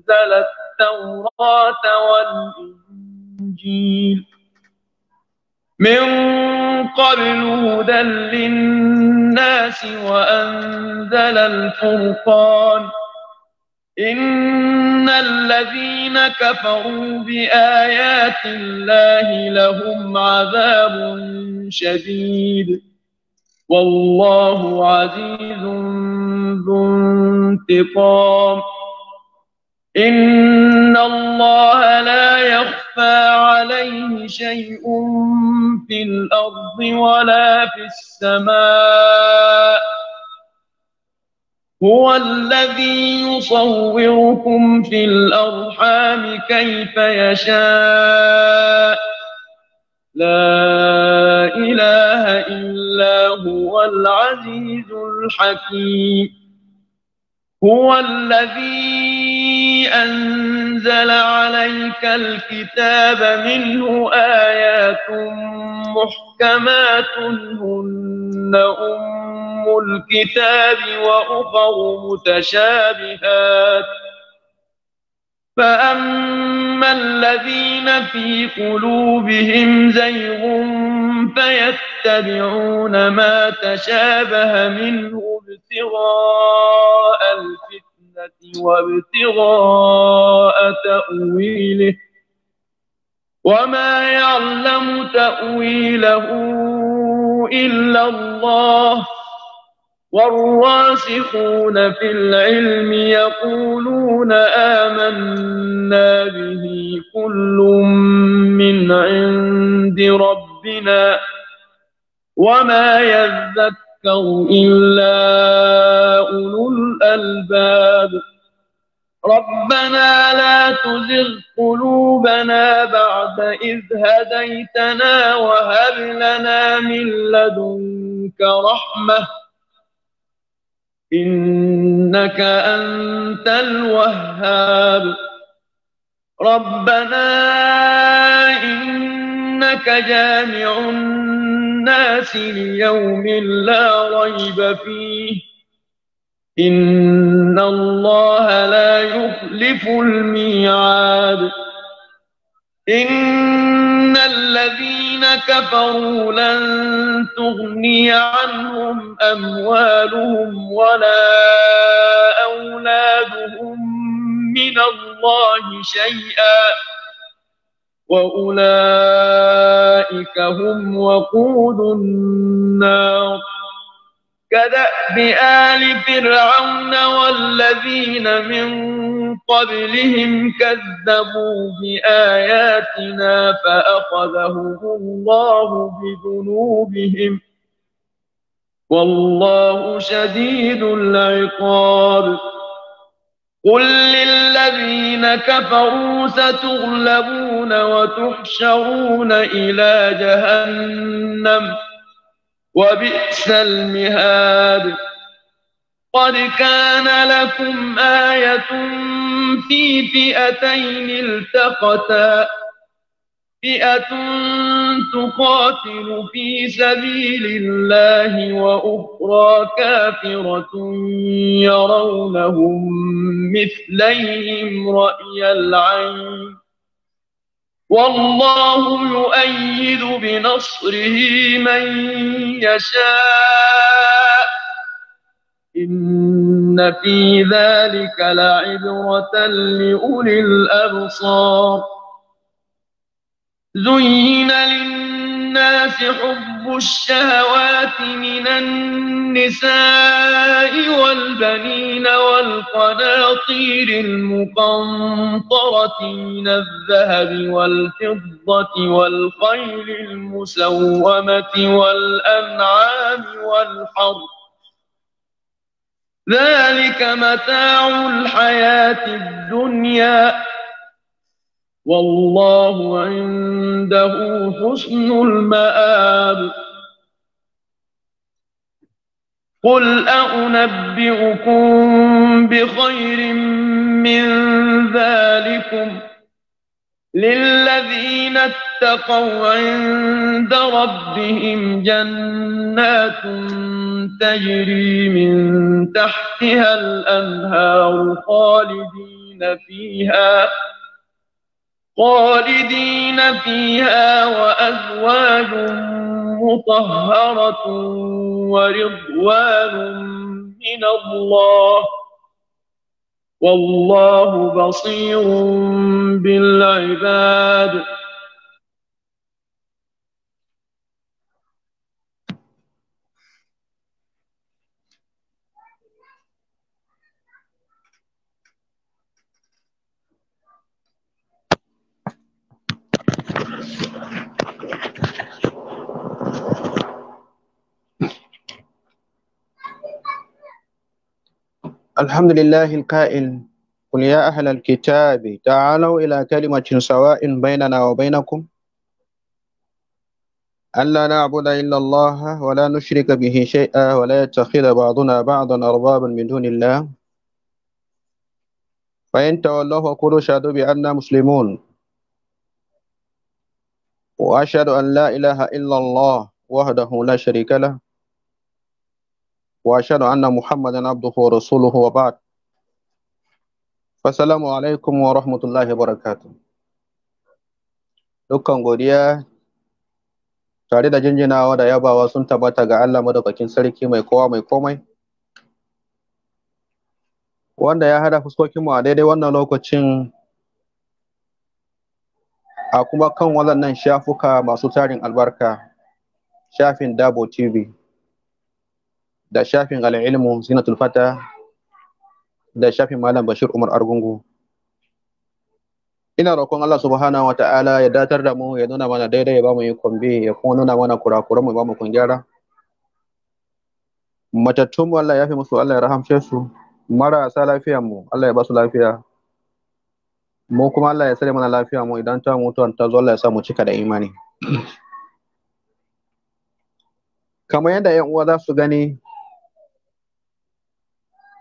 أنزل التوراة والإنجيل من قبل هدى للناس وأنزل الفرقان إن الذين كفروا بآيات الله لهم عذاب شديد والله عزيز ذو انتقام إن الله لا يخفى عليه شيء في الأرض ولا في السماء هو الذي يصوركم في الأرحام كيف يشاء لا إله إلا هو العزيز الحكيم هو الذي أنزل عليك الكتاب منه آيات محكمات هن أم الكتاب وأخر متشابهات فأما الذين في قلوبهم زيغ فيتبعون ما تشابه منه ابتغاء الفتنة وابتغاء تأويله وما يعلم تأويله إلا الله والراسخون في العلم يقولون آمنا به كل من عند ربنا وما يذكر يتذكر إلا أولو الألباب ربنا لا تزغ قلوبنا بعد إذ هديتنا وهب لنا من لدنك رحمة إنك أنت الوهاب ربنا إن إنك جامع الناس ليوم لا ريب فيه إن الله لا يخلف الميعاد إن الذين كفروا لن تغني عنهم أموالهم ولا أولادهم من الله شيئا وأولئك هم وقود النار كدأب آل فرعون والذين من قبلهم كذبوا بآياتنا فأخذهم الله بذنوبهم والله شديد العقاب قل للذين كفروا ستغلبون وتحشرون إلى جهنم وبئس المهاد قد كان لكم آية في فئتين التقتا فئة تقاتل في سبيل الله وأخرى كافرة يرونهم مثليهم رأي العين والله يؤيد بنصره من يشاء إن في ذلك لعبرة لأولي الأبصار زين للناس حب الشهوات من النساء والبنين والقناطير المقنطرة من الذهب والفضة والخيل المسومة والأنعام والحرث ذلك متاع الحياة الدنيا والله عنده حسن المآب قل أنبئكم بخير من ذلكم للذين اتقوا عند ربهم جنات تجري من تحتها الأنهار خالدين فيها ۖ خالدين فيها وأزواج مطهرة ورضوان من الله والله بصير بالعباد الحمد لله الكائن قل يا أهل الكتاب تعالوا إلى كلمة سواء بيننا وبينكم ألا نعبد إلا الله ولا نشرك به شيئا ولا يتخذ بعضنا بعضا أربابا من دون الله فإن تولوا فقولوا شهدوا بأننا مسلمون وأشهد أن لا إله إلا الله وحده لا شريك له واشهد ان محمدا عبده ورسوله وبعد فالسلام alaikum wa rahmatullahi barakatu. Dukkan godiya tare da jinjinawa da yabawa sun tabbata ga Allah madaukakin sarki mai kowa mai komai. Wanda ya hada fuskokinmu a daidai wannan lokacin a kuma kan waɗannan shafuka masu tarin albarka, shafin Dabo TV. da shafin al'ilmu Sina fata da shafin malam bashir umar argungu ina roƙon Allah subhanahu wa ta'ala ya datar da mu ya nuna mana daidai ya ba mu yi kwambe ya kuma nuna mana kurakuran mu ba mu kun gyara matattun mu Allah ya fi musu Allah ya rahamce su marasa lafiyar mu Allah ya ba su lafiya mu kuma Allah ya sare mana lafiya mu idan ta mutu ta zo Allah ya sa mu cika da imani kamar yadda yan uwa za su gani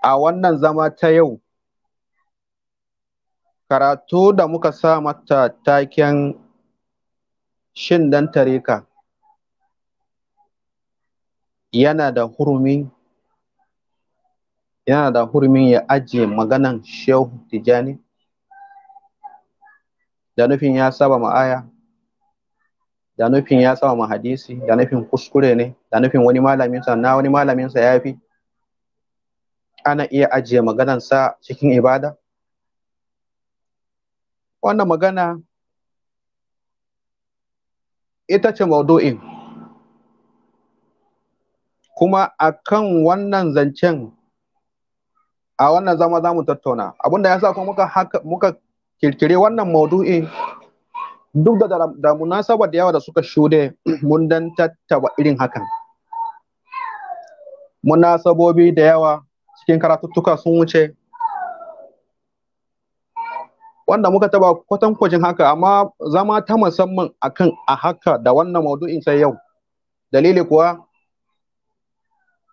a wannan zama ta yau karatu da muka sa mata taken shin dan tarika yana da hurumi yana da hurumin ya ajiye maganan shehu tijani da nufin ya saba aya da nufin ya saba ma hadisi da nufin kuskure ne da nufin wani malaminsa na wani malaminsa ya fi ana iya ajiye maganansa cikin ibada wannan magana ita ce maudu'in kuma a kan wannan zancen a wannan zama za mu tattauna abinda ya sa kuma muka, kirkire kirkiri wannan maudu'in duk da da da yawa da suka shude mun dan tattaba irin hakan munasabobi da yawa cikin karatuttuka sun wuce wanda muka taba kwatankwacin haka amma zama ta musamman akan a haka da wannan maudu'in sai yau dalili kuwa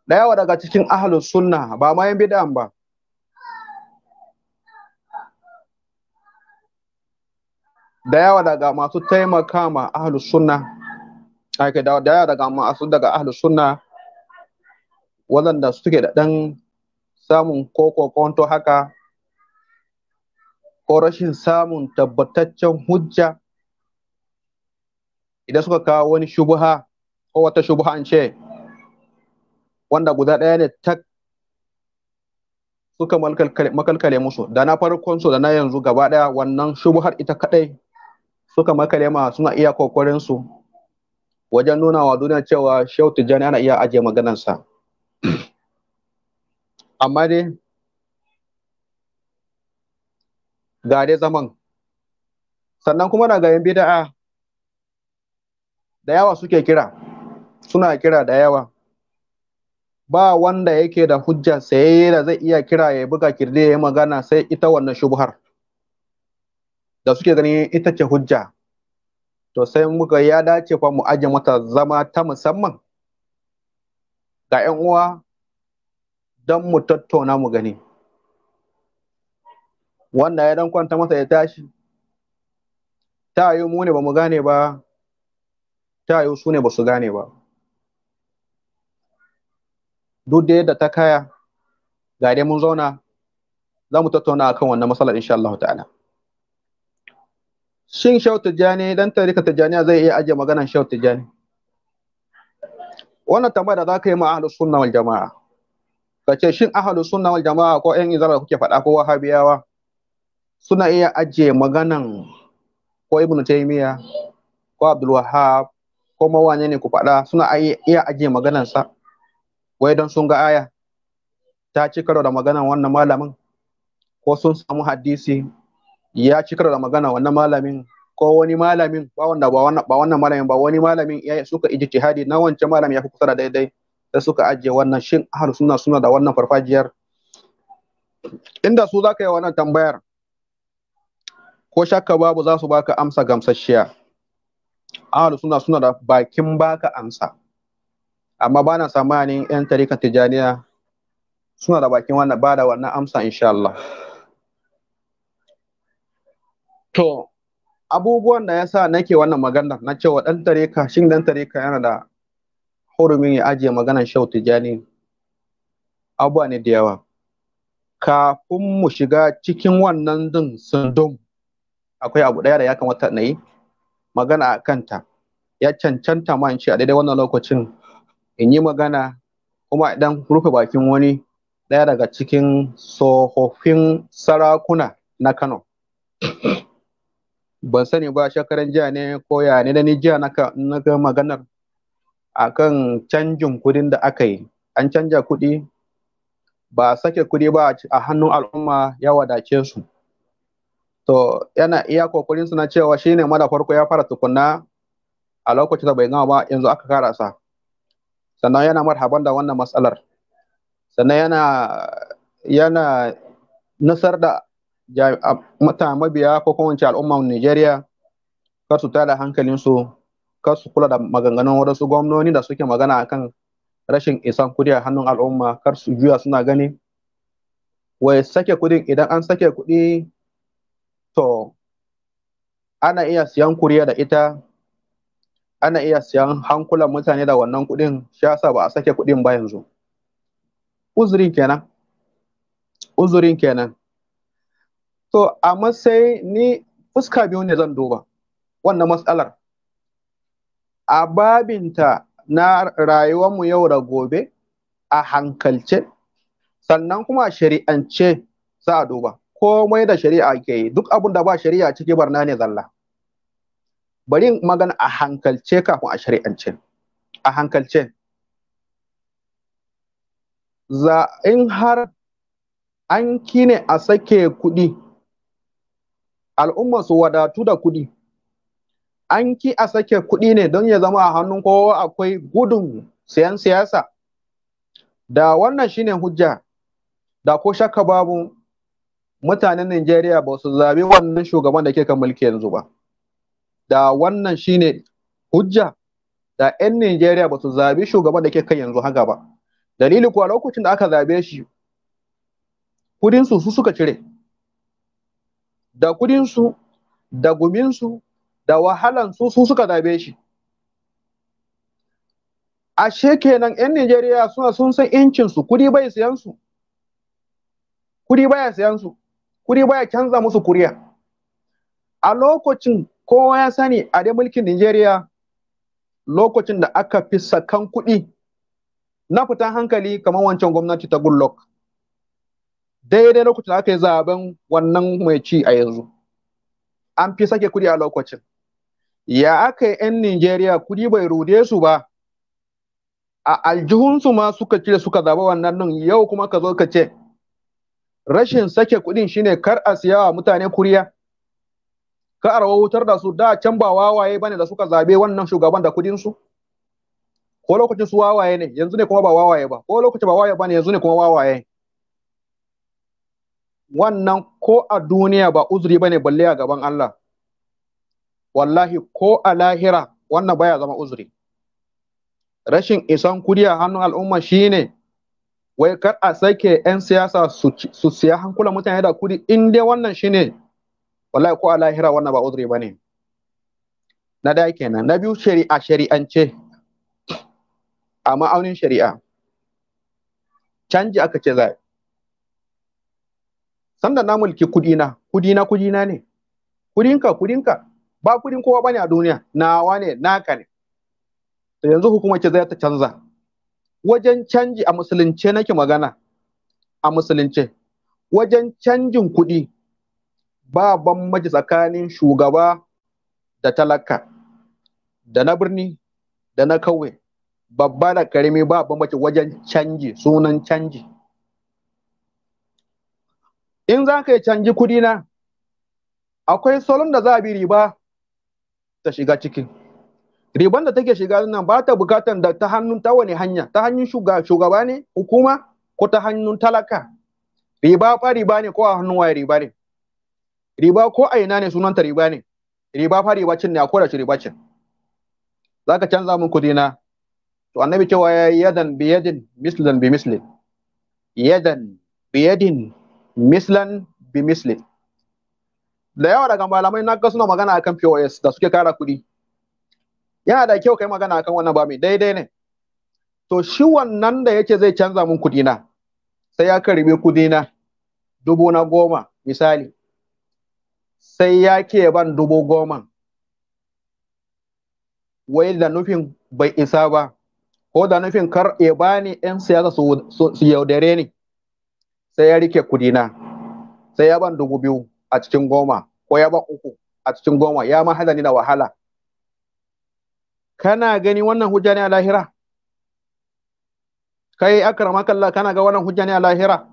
da yawa daga cikin ahlus sunna ba ma yan bid'an ba da yawa daga masu taimaka ma ahlus sunna da yawa daga masu daga ahlus sunna waɗanda suke da ɗan samun ko haka ko rashin samun tabbataccen hujja idan suka kawo wani shubuha ko wata shubuha an ce wanda guda ɗaya ne tak suka makalkale musu da na farkon su da na yanzu gaba ɗaya wannan shubuhar ita kaɗai suka makale ma suna iya kokarin wajen nuna wa duniya cewa shehu tijjani ana iya ajiye maganarsa amma dai ga dai zaman sannan kuma na ga bida'a da yawa suke kira suna kira da yawa ba wanda yake da hujja sai da zai iya kira ya buga kirde ya magana sai ita wannan shubhar da suke ganin ita ce hujja to sai muka ya dace fa mu aje mata zama ta musamman ga 'yan uwa don mu tattauna mu gani wannan ya dan kwanta masa ya tashi ta yi mu ne ba mu gane ba ta yi su ne ba su gane ba duk da yadda ta kaya ga dai mun zauna za mu tattauna a kan wannan matsalar insha Allah ta'ala shin shau tijjani dan tarika tijjaniya zai iya ajiye maganan shau tijjani wannan tambaya da za ka yi ma ahlus sunna wal jama'a kace shin ahalu sunna wal jama'a ko ƴan izara kuke faɗa ko wahabiyawa suna iya ajiye maganan ko ibnu taymiya ko abdul wahhab ko mawane ne ku faɗa suna iya ajiye maganansa wai don sun ga aya ta ci karo da maganan wannan malamin ko sun samu hadisi ya ci karo da magana wannan malamin ko wani malamin ba wanda ba wannan malamin ba wani malamin ya suka ijtihadi na wancan malamin ya fi kusa da daidai da suka ajiye wannan shin Ahal sunna suna da wannan farfajiyar inda su zaka yi wannan tambayar ko shakka babu za su baka amsa gamsasshiya Ahal sunna suna da bakin baka amsa amma ba na samanin yan tarikan tijaniya suna da bakin wannan ba da wannan amsa insha Allah to abubuwan da yasa nake wannan maganar na cewa dan tarika shin dan tarika yana da hurumin ya ajiye maganan shau tijani abuwa ne da yawa kafin mu shiga cikin wannan din sundum akwai abu ɗaya da ya kamata na yi magana a kanta ya cancanta ma in ce a daidai wannan lokacin in yi magana kuma idan rufe bakin wani ɗaya daga cikin tsohofin sarakuna na kano ban sani ba shekaran jiya ne ko ya ne da ni jiya na ga maganar akan canjin kuɗin da aka yi an canja kuɗi. ba sake kuɗi ba a hannun al'umma ya wadace su to yana iya kokarin na cewa shi ne da farko ya fara tukunna a lokacin da bai gama ba yanzu aka sa. sannan yana marhaban da wannan matsalar sannan yana yana nasar da mata mabiya ko kowace al'umman Nijeriya kar su tada hankalinsu kar su kula da maganganun wadansu gwamnoni da suke magana a kan rashin isan kudi a hannun al'umma kar su juya suna gani wai sake kudin idan an sake kudi to ana iya siyan kuriya da ita ana iya siyan hankulan mutane da wannan kudin shasa ba a sake kudin ba yanzu uzurin kenan uzurin kenan to amma sai ni fuska biyu ne zan duba wannan matsalar a babinta na rayuwar mu yau da gobe a hankalce sannan kuma a shari'ance za a duba komai da shari'a ke yi duk abin da ba shari'a ciki barna ne zalla bari magana a hankalce kafin a shari'ance a hankalce za in har an kine a sake kuɗi al'umma su wadatu da kuɗi an ki a sake kuɗi ne don ya zama a hannun kowa akwai gudun siyan siyasa da wannan shine hujja da ko shakka babu mutanen Najeriya ba su zabi wannan shugaban da ke kan mulki yanzu ba da wannan shine hujja da 'yan Najeriya ba su zabi shugaban da ke kan yanzu haka ba dalili kuwa lokacin da aka zabe shi kudinsu su suka cire da kudinsu da guminsu da wahalan su su suka zabe shi ashe kenan yan Nijeriya suna sun san incin su kudi bai sayan su kudi baya sayan su kudi baya canza musu kuriya a lokacin kowa ya sani a dai mulkin Nijeriya lokacin da aka fi sakan kudi na fitan hankali kamar wancan gwamnati ta Goodluck daidai lokacin da aka yi zaben wannan mai ci a yanzu an fi sake kudi a lokacin ya aka yi yan Nijeriya kudi bai rude su ba a aljihunsu ma suka cire suka zaba wannan nan yau kuma ka zo ka ce rashin sake kudin shine kar a siya wa mutane kuriya ka a rawatar da su da can ba wawaye ne da suka zabe wannan shugaban da kudinsu? ko lokacin su wawaye ne yanzu ne kuma ba wawaye ba ko lokacin ba wawaye ba ne, yanzu ne kuma wawaye wannan ko a duniya ba uzuri ba ne balle a gaban Allah wallahi ko a lahira wannan baya zama uzuri rashin isan kudi a hannun al'umma shine wai kar a sake 'yan siyasa su siya hankula mutane da kudi in dai wannan shine wallahi ko a lahira wannan ba uzuri ba ne na daya kenan na biyu shari'a shari'ance a ma'aunin shari'a canji aka ce zai sanda na mulki kudina kudina kudina ne kudinka kudinka ba kudin kowa bane a duniya nawa ne naka ne to yanzu hukumar ke zai ta canza wajen canji a musulunce nake magana a musulunce wajen canjin kuɗi ba bambanci tsakanin shugaba da talaka da na birni da na kauye babba da karimi ba bambanci wajen canji sunan canji in za ka yi canji kuɗi na akwai salon da za a bi riba ta shiga ciki. riban da take shiga nan ba ta bukatan da ta hannun ta wani hanya ta hannun shugaba ne hukuma ko ta hannun talaka riba fa riba ne ko a hannun waye riba ne riba ko a ina ne sunanta riba ne riba fa riba cin ne a shi riba cin zaka canza min kudi na to annabi cewa ya yadan bi yadin mislan bi mislin yadan bi yadin mislan bi mislin da yawa daga malamai na ga suna magana akan POS da suke kara kuɗi yana da kyau kai magana akan wannan ba mai daidai ne to shi wannan da yake zai canza mun kuɗi na sai ya karbe kuɗi na dubu na goma misali sai ya ke ban dubu goma wai da nufin bai isa ba ko da nufin kar ya bani yan siyasa su yaudare ne? sai ya rike kudina sai ya ban dubu biyu a cikin goma ko ya ba uku a cikin goma ya ma hada ni da wahala kana gani wannan hujja ne a lahira kai akramaka Allah kana ga wannan hujja ne a lahira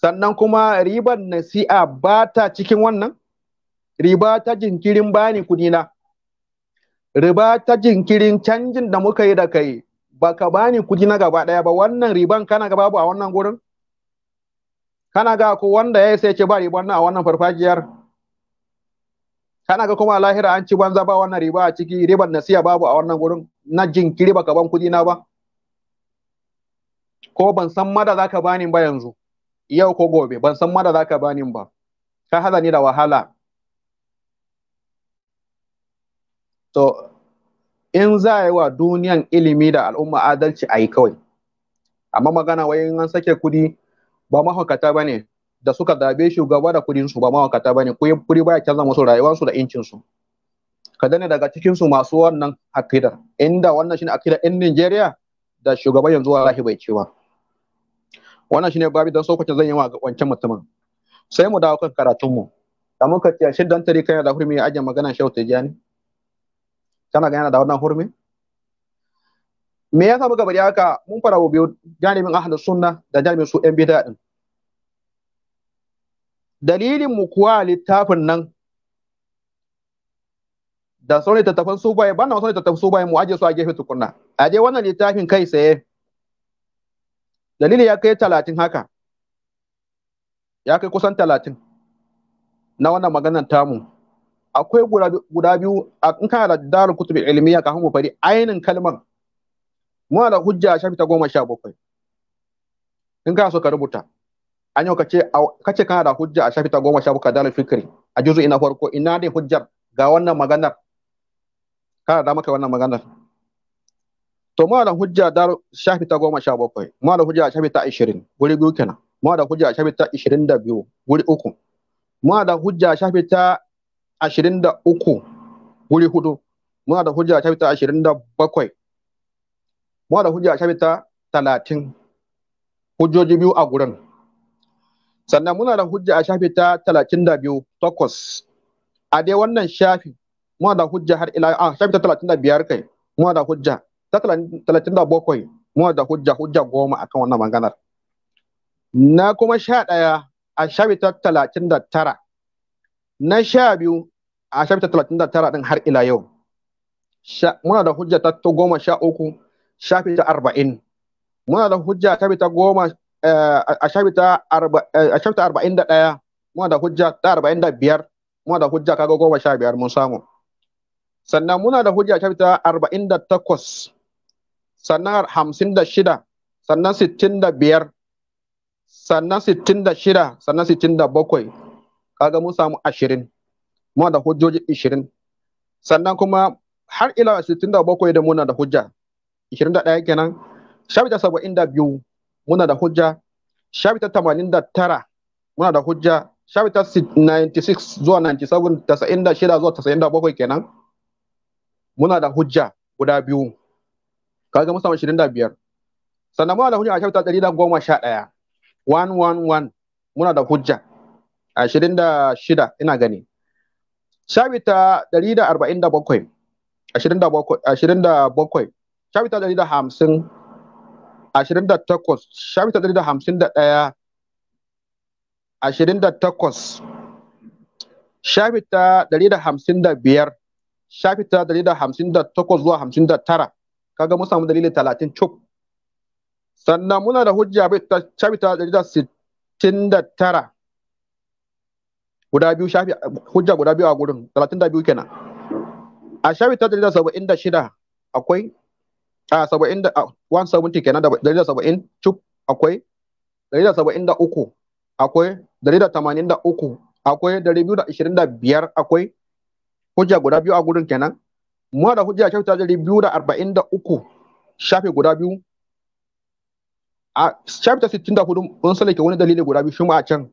sannan kuma riban nasi'a ba ta cikin wannan riba ta jinkirin bani kudina riba ta jinkirin canjin da muka yi da kai baka bani kudi na gaba daya ba wannan riban kana babu a wannan gurin kana ga ko wanda ya sai ce ba riba a wannan farfajiyar kana ga kuma lahira an ci banza ba wannan riba a ciki ribar nasiya babu a wannan gurin na jinkiri baka ban kudi na ba ko ban san mada zaka bani ba yanzu yau ko gobe ban san mada zaka bani ba ka haza ni da wahala to in za a yi wa duniyan ilimi da al'umma adalci a yi kawai amma magana wai in an sake kuɗi. ba mahaukata ba ne da suka zabe shugaba da kudin su ba mahaukata ba ne kuri baya canza musu rayuwarsu da incinsu Ka dane daga cikin su masu wannan akidar inda wannan shine akidar in Nigeria da shugaban yanzu wallahi bai cewa wannan shine babi dan sokacin zan yi wa wancan mutumin sai mu dawo kan karatun mu da muka ce shin dan tari kai da hurmi aje magana Shehu Tijani kana gana da wannan hurmi me yasa muka bari haka mun fara biyu jami'in ahlus sunna da jami'in su yan bid'a din dalilinmu kuwa littafin nan da sauri tattafan su baye ban na sauri tattafan su baye mu aje su a gefe tukunna a je wannan littafin kai tsaye dalili ya kai talatin haka ya kai kusan talatin na wannan maganar tamu akwai guda biyu a in kana da darul kutubi ilmiya kafin mu fari ainin kalmar muna da hujja shafi ta goma sha bakwai in ka so ka rubuta an yau kace kace kana da hujja a shafi ta goma sha bakwai dalil fikri a juzu ina farko ina ne hujjar ga wannan maganar kana da maka wannan maganar to ma da hujja da shafi ta goma sha bakwai ma da hujja a shafi ta ashirin guri biyu kenan ma da hujja a shafi ta ashirin da biyu guri uku ma da hujja a shafi ta ashirin da uku guri hudu ma da hujja a shafi ta ashirin da bakwai ma da hujja a shafi ta talatin hujjoji biyu a gurin sannan muna da hujja a shafi ta talatin da biyu takwas a dai wannan shafi muna da hujja har ila a shafi ta talatin da biyar kai muna da hujja ta talatin da bakwai muna da hujja hujja goma akan wannan maganar na kuma sha ɗaya a shafi ta talatin da tara na sha biyu a shafi ta talatin da tara ɗin har ila yau muna da hujja ta goma sha uku shafi ta arba'in muna da hujja shafi ta goma Eh, eh, a shafi ta arba'in da ɗaya muna da hujja ta arba'in da biyar muna da hujja kaga goma sha biyar mun samu sannan muna da hujja a shafi ta arba'in da takwas sannan hamsin da shida sannan sittin da biyar sannan sittin da shida sannan sittin da bakwai kaga mun samu ashirin muna da hujjoji ashirin sannan kuma har ila sittin da bakwai da muna da hujja ashirin da ɗaya kenan shafi ta saba'in da biyu muna da hujja shafi tamanin da tara muna da hujja shafi ta 96 zuwa 97 shida zuwa tasa'in da bakwai kenan muna da hujja guda biyu kaga shirin da biyar. sannan muna da hujja a sha ɗari goma ɗaya, one one one muna da hujja A shirin da shida, ina gani shafi da bakwai shabita ɗari da hamsin. ashirin da takwas shafi ta da hamsin da ɗaya ashirin da takwas da hamsin da biyar da hamsin da takwas zuwa hamsin da tara kaga mun samu dalilin talatin cuk sannan muna da hujja bai ta shafi ta da sittin da tara guda biyu shafi hujja guda biyu a gurin talatin da biyu kenan a shafi ta da saba'in da shida akwai a ah, saba'in da a ah, 170 kenan da dari da saba'in cuk akwai dari da saba'in da uku akwai dari da tamanin da uku akwai dari biyu da ishirin da biyar akwai hujja guda biyu a gurin kenan mu da hujja shafi ta dari biyu da arba'in da uku shafi guda biyu a shafi ta sittin da hudu mun sallake wani dalili guda biyu shi ma a can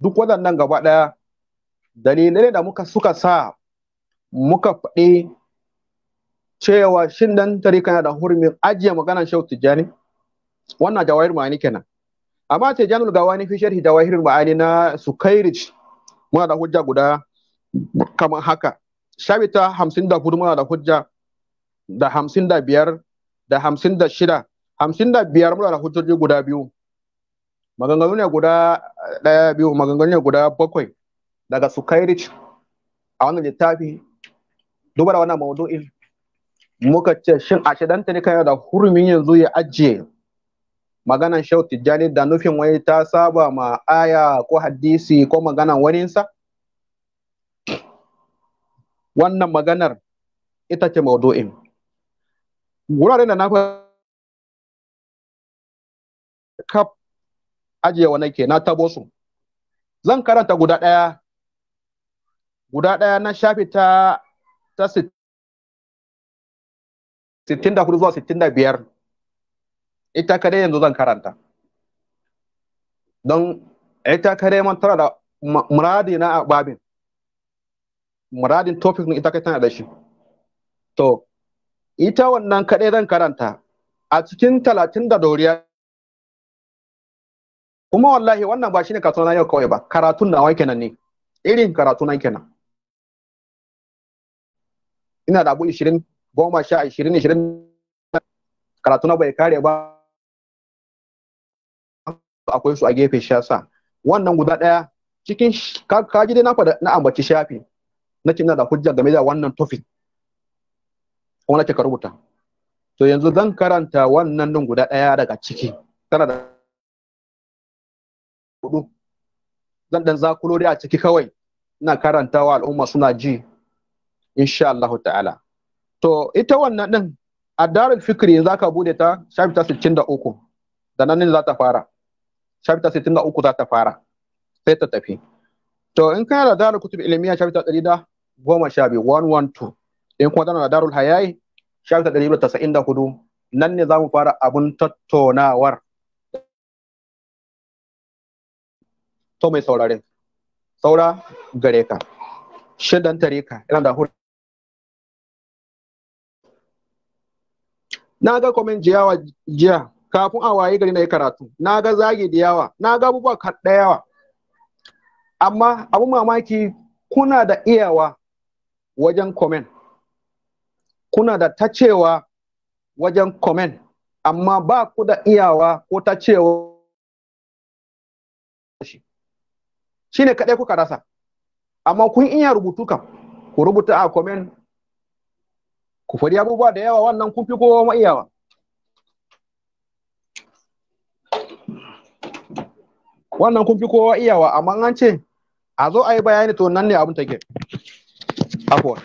duk waɗannan gaba ɗaya dalilai da muka suka sa muka faɗi cewa shin dan tarika yana da hurumin ajiye maganar shau tijjani wannan jawahir ma'ani kenan amma janul gawani fi sharhi jawahir ma'ani na sukairij muna da hujja guda kamar haka shabita hamsin da hudu muna da hujja da hamsin da biyar da hamsin da shida hamsin da biyar muna da hujjoji guda biyu maganganu ne guda ɗaya biyu maganganu ne guda bakwai daga sukairij a wannan littafi duba da wannan maudu'in muka ce shin a dan ne kan da hurumin yanzu ya ajiye maganan shau tijjani da nufin wani ta saba ma aya ko hadisi ko maganan waninsa wannan maganar ita ce maudu'in wuraren da na kaf ajiye wa nake na tabo su zan karanta guda ɗaya guda ɗaya na shafi ta ta 64 zuwa 65 ita kadai yanzu zan karanta don ita kadai man tana da muradi na babin muradin topic ita kai tana da shi to ita wannan kadai zan karanta a cikin 30 da doriya kuma wallahi wannan ba shine kasuwa na yau kawai ba karatun na wai kenan ne irin karatu na kenan ina da abu 20 goma sha ashirin ashirin karatu na bai kare ba akwai su a gefe shasa wannan guda ɗaya cikin kaji dai na ambaci shafi na ce da hujja game da wannan topic kuma na ka rubuta to yanzu zan karanta wannan din guda ɗaya daga ciki tana da hudu zan dan zakulo dai a ciki kawai ina karantawa al'umma suna ji insha Allah ta'ala to ita wannan din a darul fikri za ka bude ta shafita 63 da nan za ta fara shafita 63 za ta fara sai ta tafi to in kana da darul kutub ilmiya shafita ta 112 in kuma tana da darul hayayi shafita 194 nan ne za mu fara abun tattaunawar to mai saurare saura gare ka shidan tare ka ina da hurin na ga komen jiyawa jiya kafin a waye gari na yi karatu na ga zage da yawa na ga abubuwa kaɗa yawa amma abu mamaki kuna da iyawa wajen komen kuna da tacewa wajen komen amma ba ku da iyawa ko tacewa shi ne kaɗai kuka rasa amma kun iya rubutu kam ku rubuta a komen ku faɗi abubuwa da yawa wannan kun fi kowa ma iyawa wannan kun fi kowa iyawa amma an ce a zo a yi bayani to nan ne abin take afuwa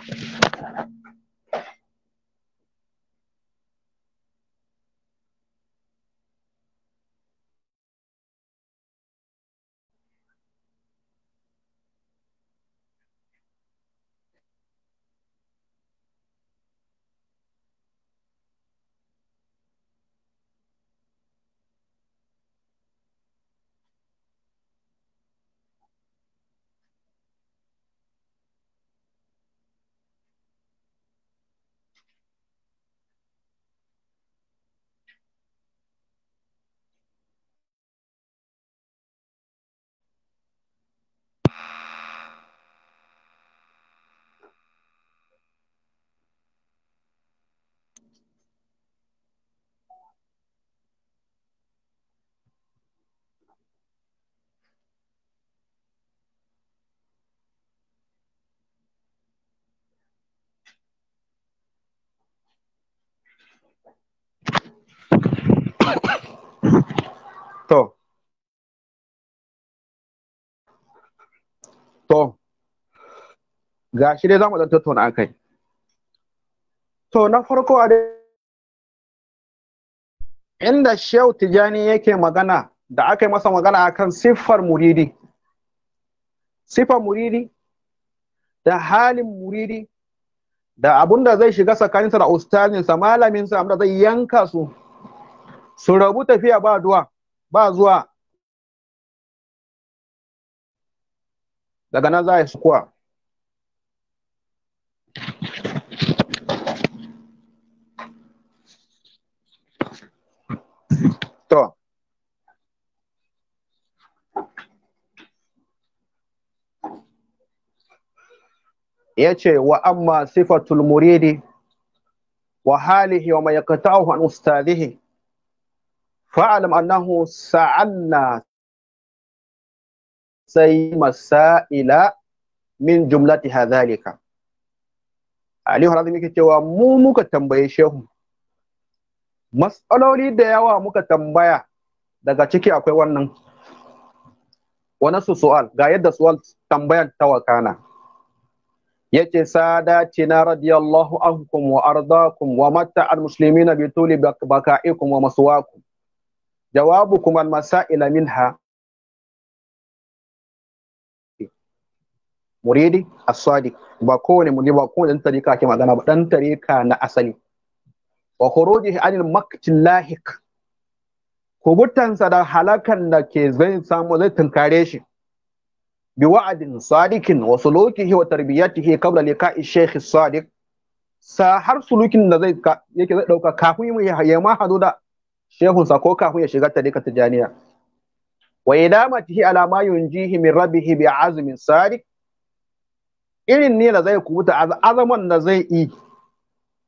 To. To. Ga shi dai za mu tattauna a kai. To na farko a dai inda Shehu Tijani yake magana da aka yi masa magana a kan siffar muridi. Siffar muridi da halin muridi da abun da zai shiga tsakaninsa da ustazinsa malaminsa abin da zai yanka su su rabu tafiya ba duwa ba zuwa daga nan za a yi sukuwa to ya ce wa amma sifatul muridi wa halihi wa mai yakata'uhu an ustadihi فاعلم أنه سألنا سي مسائل من جملتها ذلك Aliyu Harazim yake cewa mu muka tambaye shehu matsaloli da yawa muka tambaya daga ciki akwai wannan wani su su'al ga yadda su'al tambayan tawakana yace sada tina radiyallahu ankum wa ardaakum wa matta al muslimina bi tuli baka'ikum wa maswaakum Jawabu kuma masa'ila minha muridi as-sadiq ba kowane muridi ba kowane dan tarika ke magana ba dan tarika na asali wa khurujihi anil maqtil lahiq kubutansa da halakan da ke zai samu zai tunkare shi bi wa'adin sadikin wa sulukihi wa tarbiyatihi qabla liqa'i shaykh as-sadiq sa har sulukin da zai yake zai dauka kafin ya ma hado da shehunsa ko kafin ya shiga tarika tijaniya wa idamatihi matihi alama yunjihi min rabbihi bi azmin sadiq irin ne da zai kubuta azaman da zai yi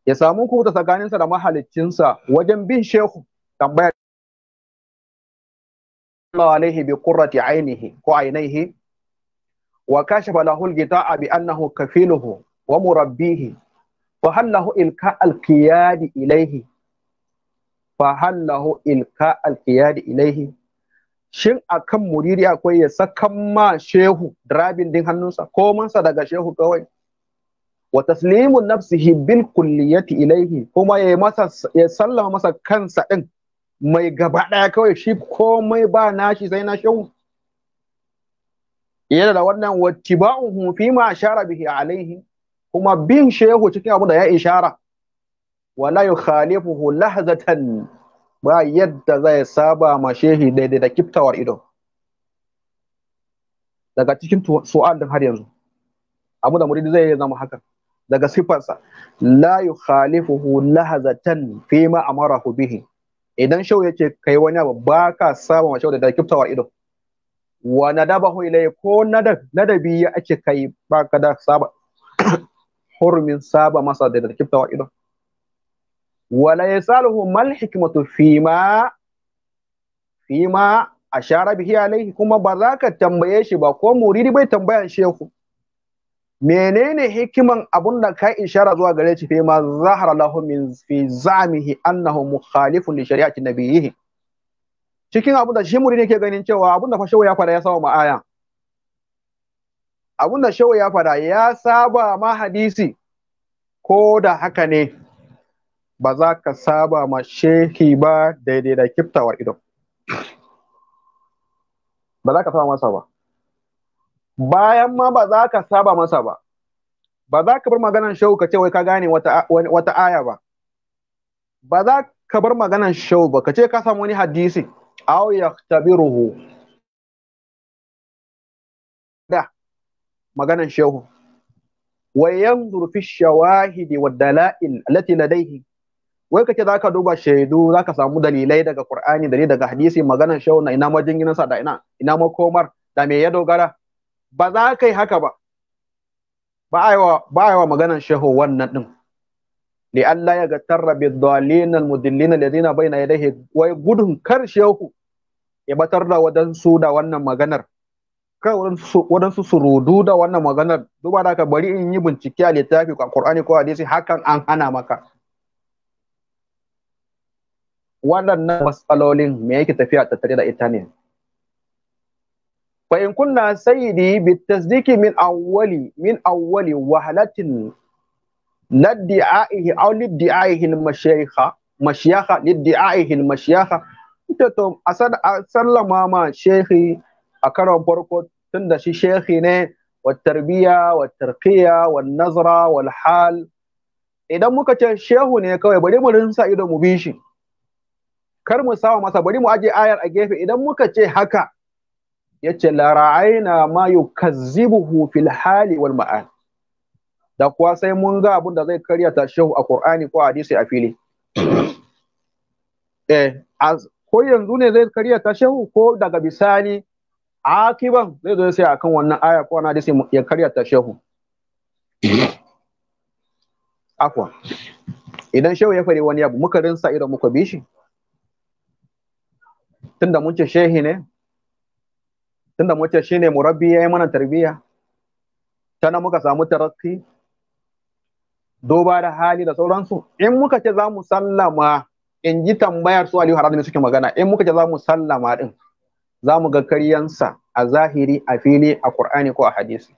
ya samu kubuta tsakaninsa da mahaliccinsa wajen bin shehu tambaya Allah alaihi bi qurrati ainihi ko ainihi wa kashafa lahu al-gita'a bi annahu kafiluhu wa murabbihi wa hallahu ilka al-qiyadi ilayhi fahallahu ilka alkiyadi ilaihi shin akan muriri akwai ya sakan ma shehu drabin din hannunsa ko mansa daga shehu kawai wa taslimun nafsihi bil kulliyati ilaihi kuma ya masa ya sallama masa kansa din mai gaba daya kawai shi komai ba nashi sai na shehu yana da wannan wattiba'uhu fi ma ashara bihi alaihi kuma bin shehu cikin abu da ya ishara wala yukhalifuhu lahzatan ba yadda zai saba ma shehi daidai da kiftawar ido daga cikin su'al din har yanzu abu da muridi zai zama haka daga sifarsa la yukhalifuhu lahzatan fi ma amarahu bihi idan shau yake kai wani abu ba ka saba ma shau da kiftawar ido wa nadabahu ilai ko nadabi ya ake kai ba ka da saba hurmin saba masa da kiftawar ido wala yasaluhu mal hikmatu fima fima ashara bihi alaihi kuma ba za ka tambaye shi ba ko muridi bai tambayan shehu menene hikiman abun da ka ishara zuwa gare shi fima zahara lahu min fi zamihi annahu mukhalifun li shari'ati nabiyhi cikin abun da shi muri ne ke ganin cewa abun da fa shehu ya fara ya saba ma'aya abun da shehu ya fara ya saba ma hadisi ko da haka ne ba za ka saba ma shehi ba daidai da kiftawar ido ba za ka saba masa ba bayan ma ba za ka saba masa ba ba za ka bar maganan shehu ka ce wai ka gane wata, aya ba ba za ka bar maganan shehu ba ka ce ka samu wani hadisi aw yahtabiruhu da maganan shehu wa yanzur fi shawahidi wa dala'il allati ladayhi wai kake zaka duba shaidu zaka samu dalilai daga Qur'ani dalilai daga hadisi maganar shau na ina majinginan sa da ina ina makomar da me ya dogara ba za ka yi haka ba ba aiwa ba aiwa maganar shehu wannan din li Allah ya gatarra bi dhalin al mudillin alladhina bayna yadayhi wai gudun kar shehu ya batar da wadansu da wannan maganar kai wadansu surudu da wannan maganar duba da ka bari in yi bincike a littafi a Qur'ani ko hadisi hakan an hana maka waɗannan matsalolin me yake tafiya tattare da ita ne fain kunna sayidi bi tasdiki min awwali min awwali wahalatin laddi'aihi aw liddi'aihi al-mashayikha liddi'aihi al ita to asad sallama ma shehi a karon farko tunda shi shehi ne wa tarbiya wa tarqiya wa nazra wal hal idan muka ce shehu ne kawai bari mu rinsa ido mu bi shi kar mu sawa masa bari mu aje ayar a gefe idan muka ce haka yace la ra'ayna ma yukazzibuhu fil hali wal ma'an da kuwa sai mun ga abin da zai ta shehu a Qur'ani ko hadisi a fili eh ko yanzu ne zai ta shehu ko daga bisani akiban zai zo sai akan wannan aya ko na hadisi ya ta shehu afwan idan shehu ya fare wani abu muka rinsa idan muka bi shi tunda mun ce shehi ne tunda mun ce shine murabbi yayi mana tarbiyya tana muka samu tarakki doba da hali da sauransu in muka ce za mu sallama in ji tambayar su Aliyu Harazmi suke magana in muka ce za mu sallama din za mu ga karyansa a zahiri a fili a Qur'ani ko a hadisi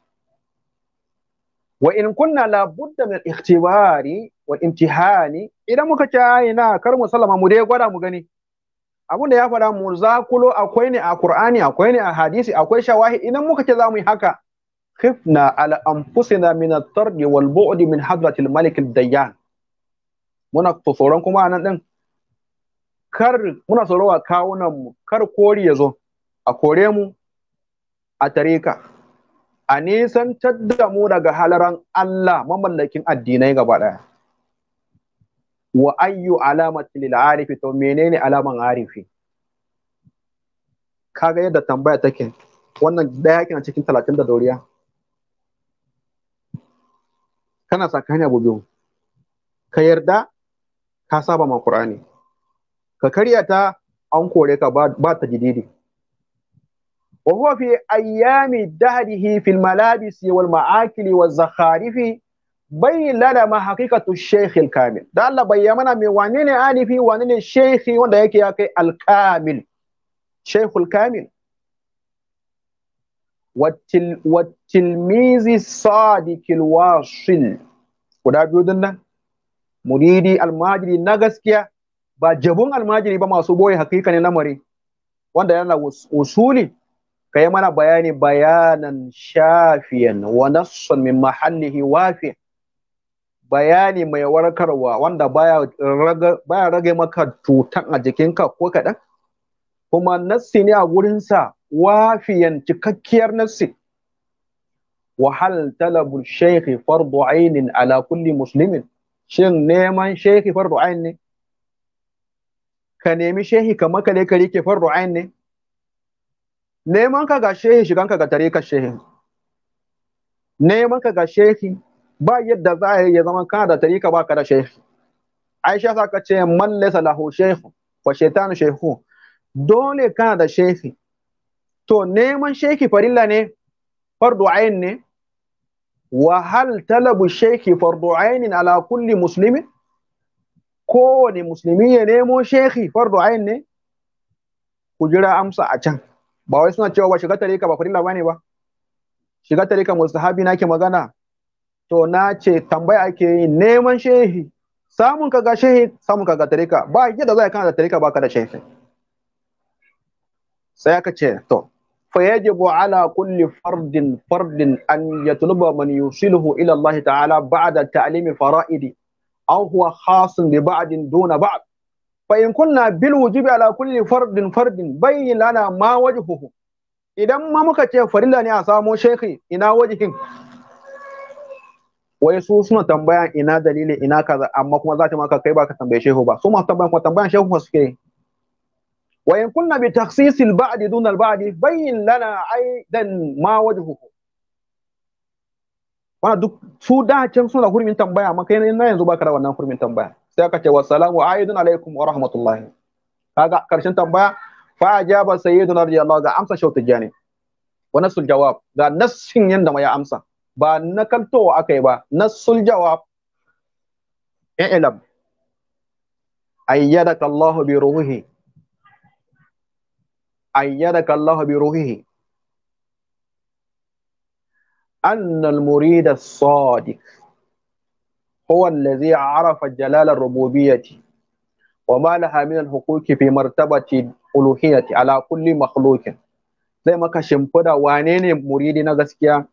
wa in kunna la budda min ikhtibari wa imtihani idan muka ce ina kar mu sallama mu dai gwada mu gani abin da ya faɗa mu zakulo akwai ne a Qur'ani akwai ne a hadisi akwai shawahi idan muka ce mu yi haka khifna ala anfusina min at-tard wal bu'd min hadratil malik ad-dayyan muna tsoron kuma anan din kar muna tsoro wa kawunan mu kar kori yazo a kore mu a tareka a nisantar da mu daga halaran Allah mamallakin addinai gaba daya wa ayyu alamati lil arifi to menene alaman arifi kaga yadda tambaya take wannan daya kina cikin talatin da dauriya kana sakanya abu biyu ka yarda ka saba ma qur'ani ka karya ta an kore ka ba ta jididi wa huwa fi ayyami dahrihi fil malabis wal ma'akili bayyana ma haqiqatu shekhil kamil da Allah bayyana mana mai wane ne alifi wane ne shekhi wanda yake ya kai al-kamil shaykh al-kamil wattilmizi sadikil wasil guda biyu din nan muridi almajiri na gaskiya ba jabun almajiri ba masu boye hakika ne lamari wanda yana usuli kai mana bayani bayanan shafiyan wa nassan min mahallihi bayani mai warkarwa wanda baya baya rage maka cutan a jikinka ko kaɗan kuma nassi ne a gurinsa wafiyan cikakkiyar nassi wahal talabul shaykhi fardu ainin ala kulli muslimin shin neman shaykhi fardu ain ne ka nemi shehi ka makale ka rike fardu ain ne neman ka ga shehi shigan ka ga tare ka shehi neman ka ga shehi ba yadda za a ya zama kana da tarika ba ka da shehu aisha sa ka ce man laysa lahu shehu wa shaytanu shehu dole kana da shehu to neman shehu farilla ne fardu ain ne wa hal talabu shehu fardu ain ala kulli muslimin kowane musulmi ya nemo shehi fardu ain ne ku jira amsa a can ba wai suna cewa ba shiga tarika ba farilla bane ba shiga tarika mustahabi nake magana to na ce tambaya ake yi neman shehi samun kaga shehi samun kaga tarika ba ki zai kana da tarika ka da shehi sai aka ce to fa yajibu ala kulli fardin fardin an yatluba man yusiluhu ila Allah ta'ala ba'da ta'limi fara'idi aw huwa khasun a ba'din duna ba'd fa in kunna bil wujubi ala kulli fardin fardin bayyin lana ma wajhuhu idan ma muka ce farilla ne a samo shehi ina wajikin? wai su suna tambaya ina dalili ina kaza amma kuma za ta maka kai baka tambaye shehu ba su masu tambayan kuma tambayan shehu ba suke wa in kunna bi takhsisil ba'di dun al ba'di bayyin lana aidan ma wajhuhu wannan duk su da can suna hurmin tambaya amma kai na yanzu baka da wannan hurmin tambaya sai aka ce wassalamu aidun alaikum wa rahmatullahi kaga karshen tambaya fa ajaba sayyiduna radiyallahu ga amsa shautu jani wa nasul jawab ga nassin yanda ma ya amsa ba nakaltowa aka yi ba nassul jawab i'lam ayyadaka Allah bi ruhihi ayyadaka Allah bi ruhihi أن المريد الصادق هو الذي عرف جلال الربوبية وما لها من الحقوق في مرتبة الألوهية على كل مخلوق زي ما كشمفدا وانين مريد نغسكيا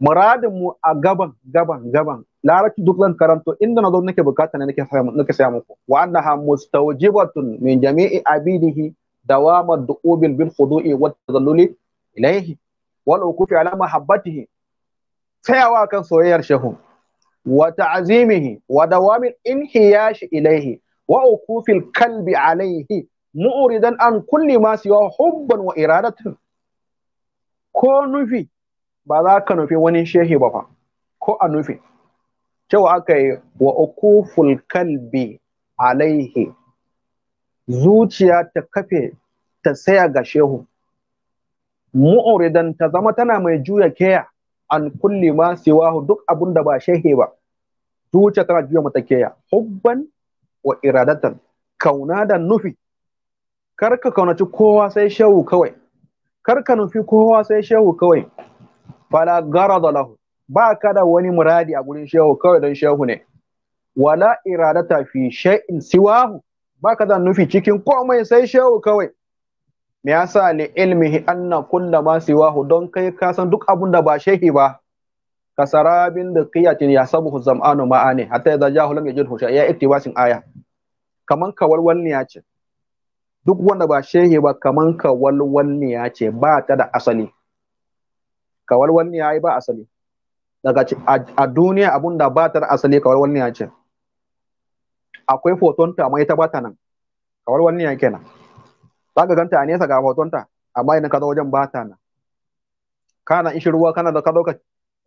muradin mu a gaban gaban gaban larabci duk zan karanto inda na zo nake bukata ne nake saya nake saya muku wa annaha mustawjibatun min jami'i abidihi dawama du'ubil bil khudu'i wat tadalluli ilayhi wal ukufi ala mahabbatihi sayawa kan soyayyar shehu wa ta'zimihi wa dawamil inhiyashi ilayhi wa ukufil kalbi alayhi mu'ridan an kulli ma siwa hubban wa iradatan ko nufi ba za ka nufi wani shehi ba fa ko a nufi cewa aka yi wa ukuful kalbi alaihi zuciya ta kafe ta saya ga shehu mu'uridan ta zama tana mai juya keya an kulli ma siwa duk abun da ba shehe ba zuciya tana juya mata keya hubban wa iradatan kauna da nufi kar ka kaunaci kowa sai shehu kawai kar ka nufi kowa sai shehu kawai fala garada lahu ba ka da wani muradi a gurin shehu kawai don shehu ne wala iradata fi shay'in siwahu ba ka da nufi cikin komai sai shehu kawai me yasa li ilmihi anna kulla ma siwahu don kai ka san duk abun da ba shehi ba kasarabin da qiyatin ya sabu zam'anu ma'ani hatta idza jahu lam yajidhu shay'a ya aya kaman ka ya ce duk wanda ba shehi ba kaman ka ya ce ba ta da asali Kawar wani yayi ba asali daga a duniya abun da ba ta asali kawar wani ya ce akwai fotonta mai ta ba ta nan Kawar wani ya kenan za ka ganta a nesa ga fotonta amma idan ka zo wajen ba ta nan kana ishi ruwa kana da ka zo ka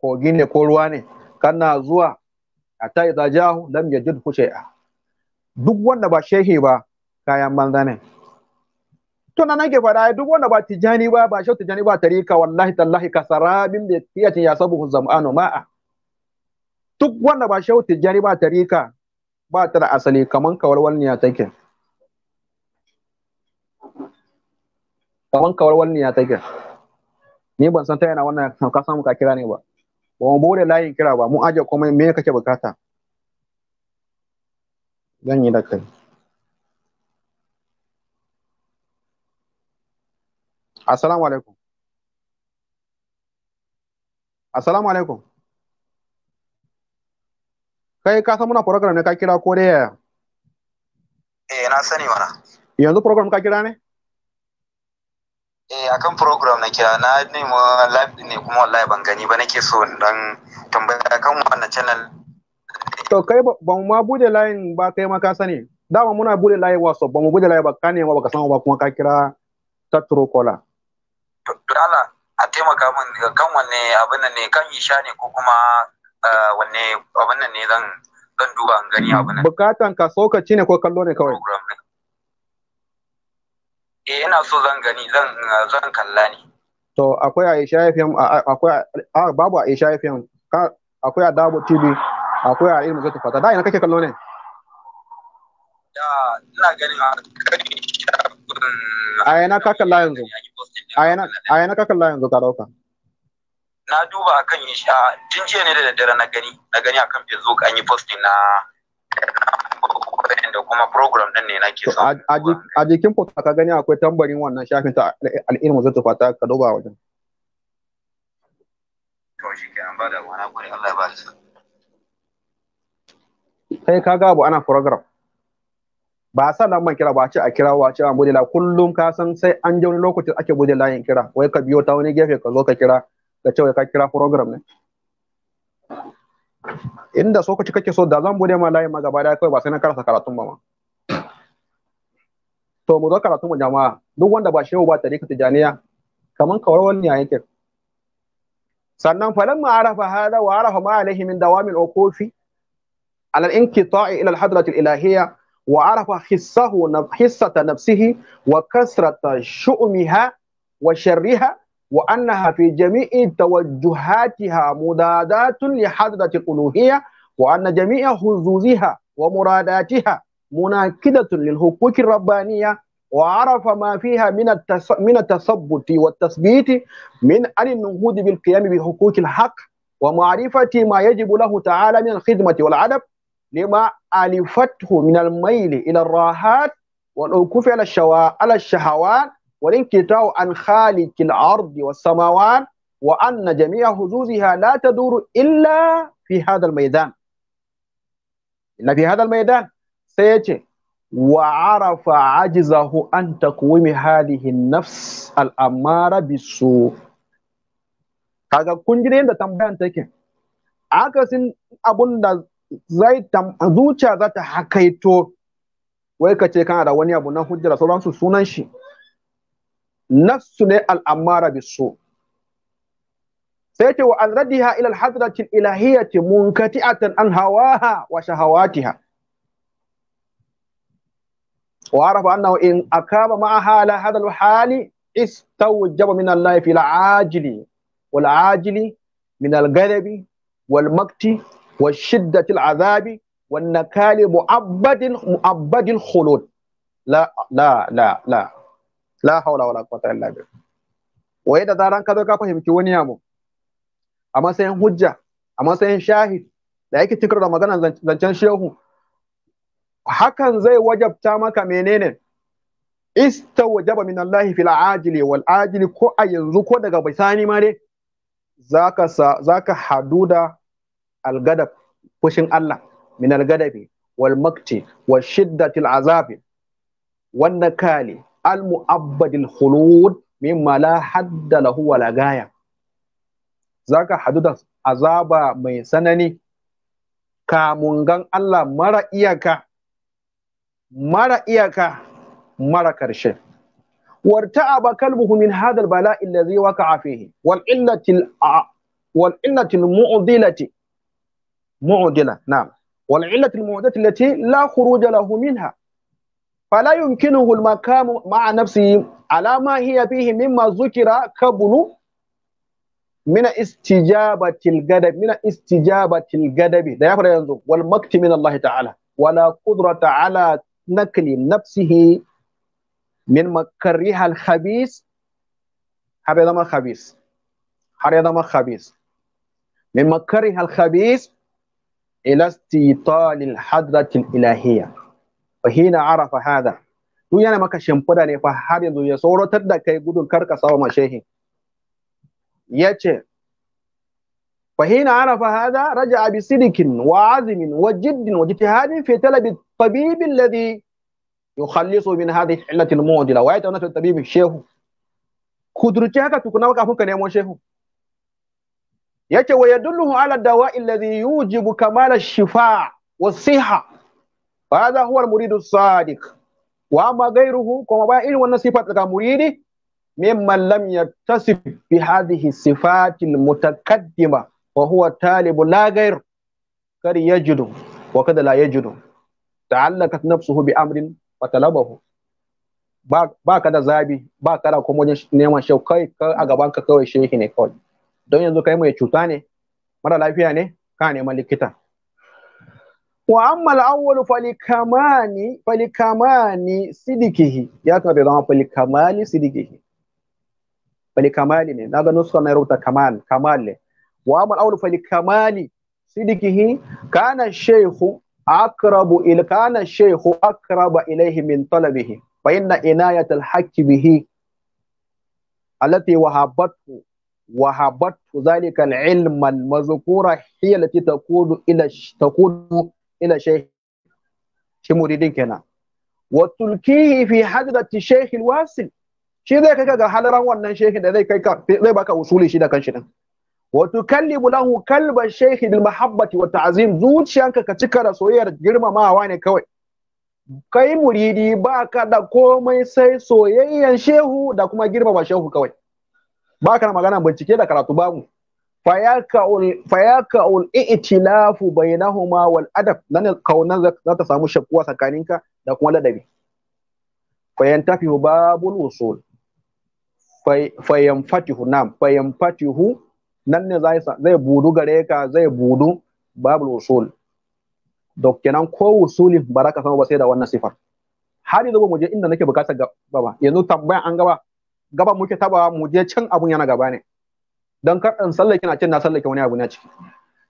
kogi ne ko ruwa ne kana zuwa a ta zajahu don lam yajidhu shay'a duk wanda ba shehi ba kayan banza ne to na nake faɗa duk wanda ba tijani ba ba shau tijani ba tarika wallahi tallahi kasarabin da ya ce ya sabu zam'anu ma'a duk wanda ba shau tijani ba tarika ba ta da asali kaman ya take kaman ya take ni ban san ta yana wannan ka samu ka kira ne ba ba mu bude layin kira ba mu aje komai me kake bukata zan yi da kai Assalamu alaikum. Assalamu alaikum. Kai ka san muna program ne ka kira ko da yaya? Eh na sani mana. Yanzu program ka kira ne? Eh akan program na kira na nemi live ne kuma wallahi ban gani ba nake so dan tambaya kan wannan channel. To kai ban ma bude layin ba kai ma ka sani. Dama muna bude layi WhatsApp ba mu bude layi ba ka ne ma baka san ba kuma ka kira ta kola. dole a taimaka min kan wanne abin nan ne kan isha ne ko kuma eh, wanne abin nan ne zan zan duba an gani abin nan bukatan ka ci ne ko kallo ne kawai eh ina so zan gani zan zan kalla ne to akwai a Aisha FM akwai babu a Aisha FM akwai a Dabo TV akwai a ilmu zai tafata da ina kake kallo ne da ina ganin a kai a ina ka kalla yanzu A din. Ayana ka kalla yanzu ka dauka. Na duba akan yin sha tun jiya ne da daddare na gani na gani akan Facebook an yi posting na da kuma program din ne nake so. A jikin foto ka gani akwai tambarin wannan shafin ta al'ilmu zai ta ka duba wajen. Kai ka ga abu ana program. ba a sa nan man kira ba ce a kira wa ce a bude la kullum ka san sai an je wani lokacin ake bude layin kira wai ka biyo ta wani gefe ka zo ka kira ka ce wai ka kira program ne inda so ka ci kake so da zan bude ma layin ma gaba da kai ba sai na karasa karatun ba ma to mu zo karatu mu jama'a duk wanda ba shehu ba tarika tijaniya kaman kawarwan ne yake sannan falamma arafa hada wa arafa ma alaihi min dawamil uqufi ala al-inqita'i ila al-hadratil ilahiyya وعرف حصه حصة نفسه وكثرة شؤمها وشرها وأنها في جميع توجهاتها مدادات لحضرة الألوهية وأن جميع حظوظها ومراداتها مناكدة للحقوق الربانية وعرف ما فيها من التس... من التثبت والتثبيت من أن النهوض بالقيام بحقوق الحق ومعرفة ما يجب له تعالى من الخدمة والعدب nema alifatuhu min almaili ila rahat wa ɗaukufi ala shawa ala shahawa wa linkitahu an khalikil ardi was samawat wa anna jami'a huzuziha la taduru illa fi hadha almaidan illa fi hadha almaidan sai yace wa arafa ajizahu an taqwim hadhihi an-nafs al-ammara bisu kaga kun gida yanda tambayan take akasin abunda zai zuciya za ta hakaito wai ka ce kana da wani abu na hujjar sauransu sunan shi nafsu ne al'amara biso sai ce wa an radiha ila alhadratil ilahiyyati munkati'atan an hawaha wa shahawatiha wa arafa annahu in akaba ma hala hadha alhali istawjaba min allahi fil ajili wal min al-ghadabi wal makti wa shiddatil azabi wan nakali mu'abbadil mu'abbadil la la la la la haula wala quwwata illa billah waye da zaran ka zo ka fahimci wani yamo a matsayin hujja a matsayin shahid da yake tikar da maganar zancen shehu hakan zai wajabta maka menene Istawajaba, min Allah fil ajili wal ajili ko a yanzu ko daga bisani ma zaka zaka hadu da Algada fushin Allah min algadabi wal makti wa shiddatil azabi wan nakali al mu'abbadil khulud mimma la hadda lahu wala gaya zaka hadu da azaba mai sanani gan Allah mara iyaka mara iyaka mara karshe وارتعب كلبه من هذا البلاء الذي وقع wal والعلة والعلة المعضلة معدلة نعم والعلة المعدلة التي لا خروج له منها فلا يمكنه المقام مع نفسه على ما هي به مما ذكر قبل من استجابة الغضب من استجابة الغضب يفرق ينظر والمكت من الله تعالى ولا قدرة على نقل نفسه من مكرها الخبيث هذا ما خبيث هذا ما خبيث من مكرها الخبيث إلى hadratil ilahiyya fa hina arafa hada. to yana maka shimfida ne fa har yanzu ya sorotar da kai gudun karka sawa mashehi yace ce hina arafa hada raja bi sidikin wa azmin wa jiddin wa jitihadin fi talabi tabib alladhi yukhallisu min hadhihi illati almu'dila wa yatawna tabibi shehu kudurci haka tukuna kafin ka nemo shehu yake wa yadulluhu ala dawa'i alladhi yujibu kamala shifa wa siha fa hadha huwa al-muridu sadiq wa amma ghayruhu kuma ba irin wannan sifar daga muridi mimman lam yattasif bi hadhihi sifati al-mutaqaddima wa huwa talibu la ghayr kar yajidu wa kada la yajidu ta'allakat nafsuhu bi amrin wa talabahu ba ka da zabi ba ka da kuma neman shauƙai a gaban ka kawai shehi ne kawai don yanzu kai mai cuta ne mara lafiya ne ka neman likita wa amma al'awwal falikamani falikamani sidikihi ya kuma bai zama falikamani sidikihi falikamani ne na ga nuska na rubuta kamal kamal ne wa amma al'awwal falikamani sidikihi kana shaykhu akrabu il kana shaykhu akraba ilayhi min talabihi fa inna inayatal hakki bihi allati wahabathu wahabat ذلك العلم المذكورة هي التي تقود إلى تقود إلى شيخ شمريدين كنا وتلقيه في حضرة الشيخ الواصل shi zai kai ga halaran wannan shehi da zai kai ka zai baka usuli shi da kanshi din wa tukallibu lahu kalba shehi bil mahabbati wa ta'zim ka cika da soyayyar girmamawa ne kawai kai muridi ba ka da komai sai soyayyan shehu da kuma girmama shehu kawai ba ka magana bincike da karatu babu fayaka ul i'tilafu bainahuma wal adab nan kaunan za ta samu shakkuwa tsakaninka da kuma ladabi fayantafihu babul usul fayanfatihu nam fayanfatihu nan ne zai budu gare ka zai budu babul usul dok kenan ko usuli baraka sama ba sai da wannan sifar har yanzu ba mu je inda nake bukatar gaba yanzu tambayan an gaba gaban muke tabawa mu je can abun yana gaba ne dan kar in sallake na cin na sallake wani abu na ciki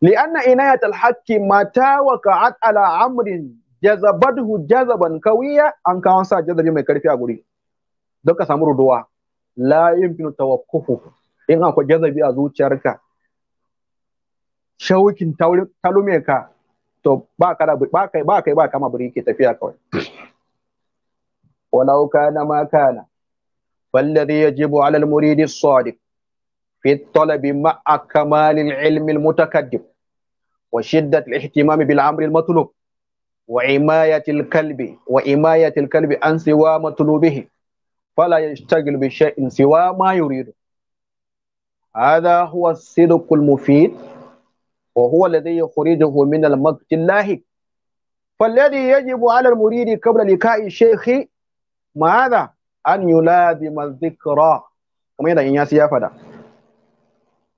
li anna inayat al mata mata waqa'at ala amrin jazabadhu jazaban kawiya an kawo sa jazabi mai karfi a guri don ka samu ruduwa la yumkinu tawakkufu in akwai jazabi a zuciyarka shaukin talume ka to ba ka da kai ba kai ba kama buri ke tafiya kawai walau kana ma kana فالذي يجب على المريد الصادق في الطلب مع كمال العلم المتقدم وشدة الاهتمام بالعمر المطلوب وعماية الكلب وعماية الكلب عن سوى مطلوبه فلا يشتغل بشيء سوى ما يريد هذا هو الصدق المفيد وهو الذي يخرجه من المقت اللاهي فالذي يجب على المريد قبل لقاء الشيخ ماذا؟ an yulazima dhikra kamar yadda in yasi ya fada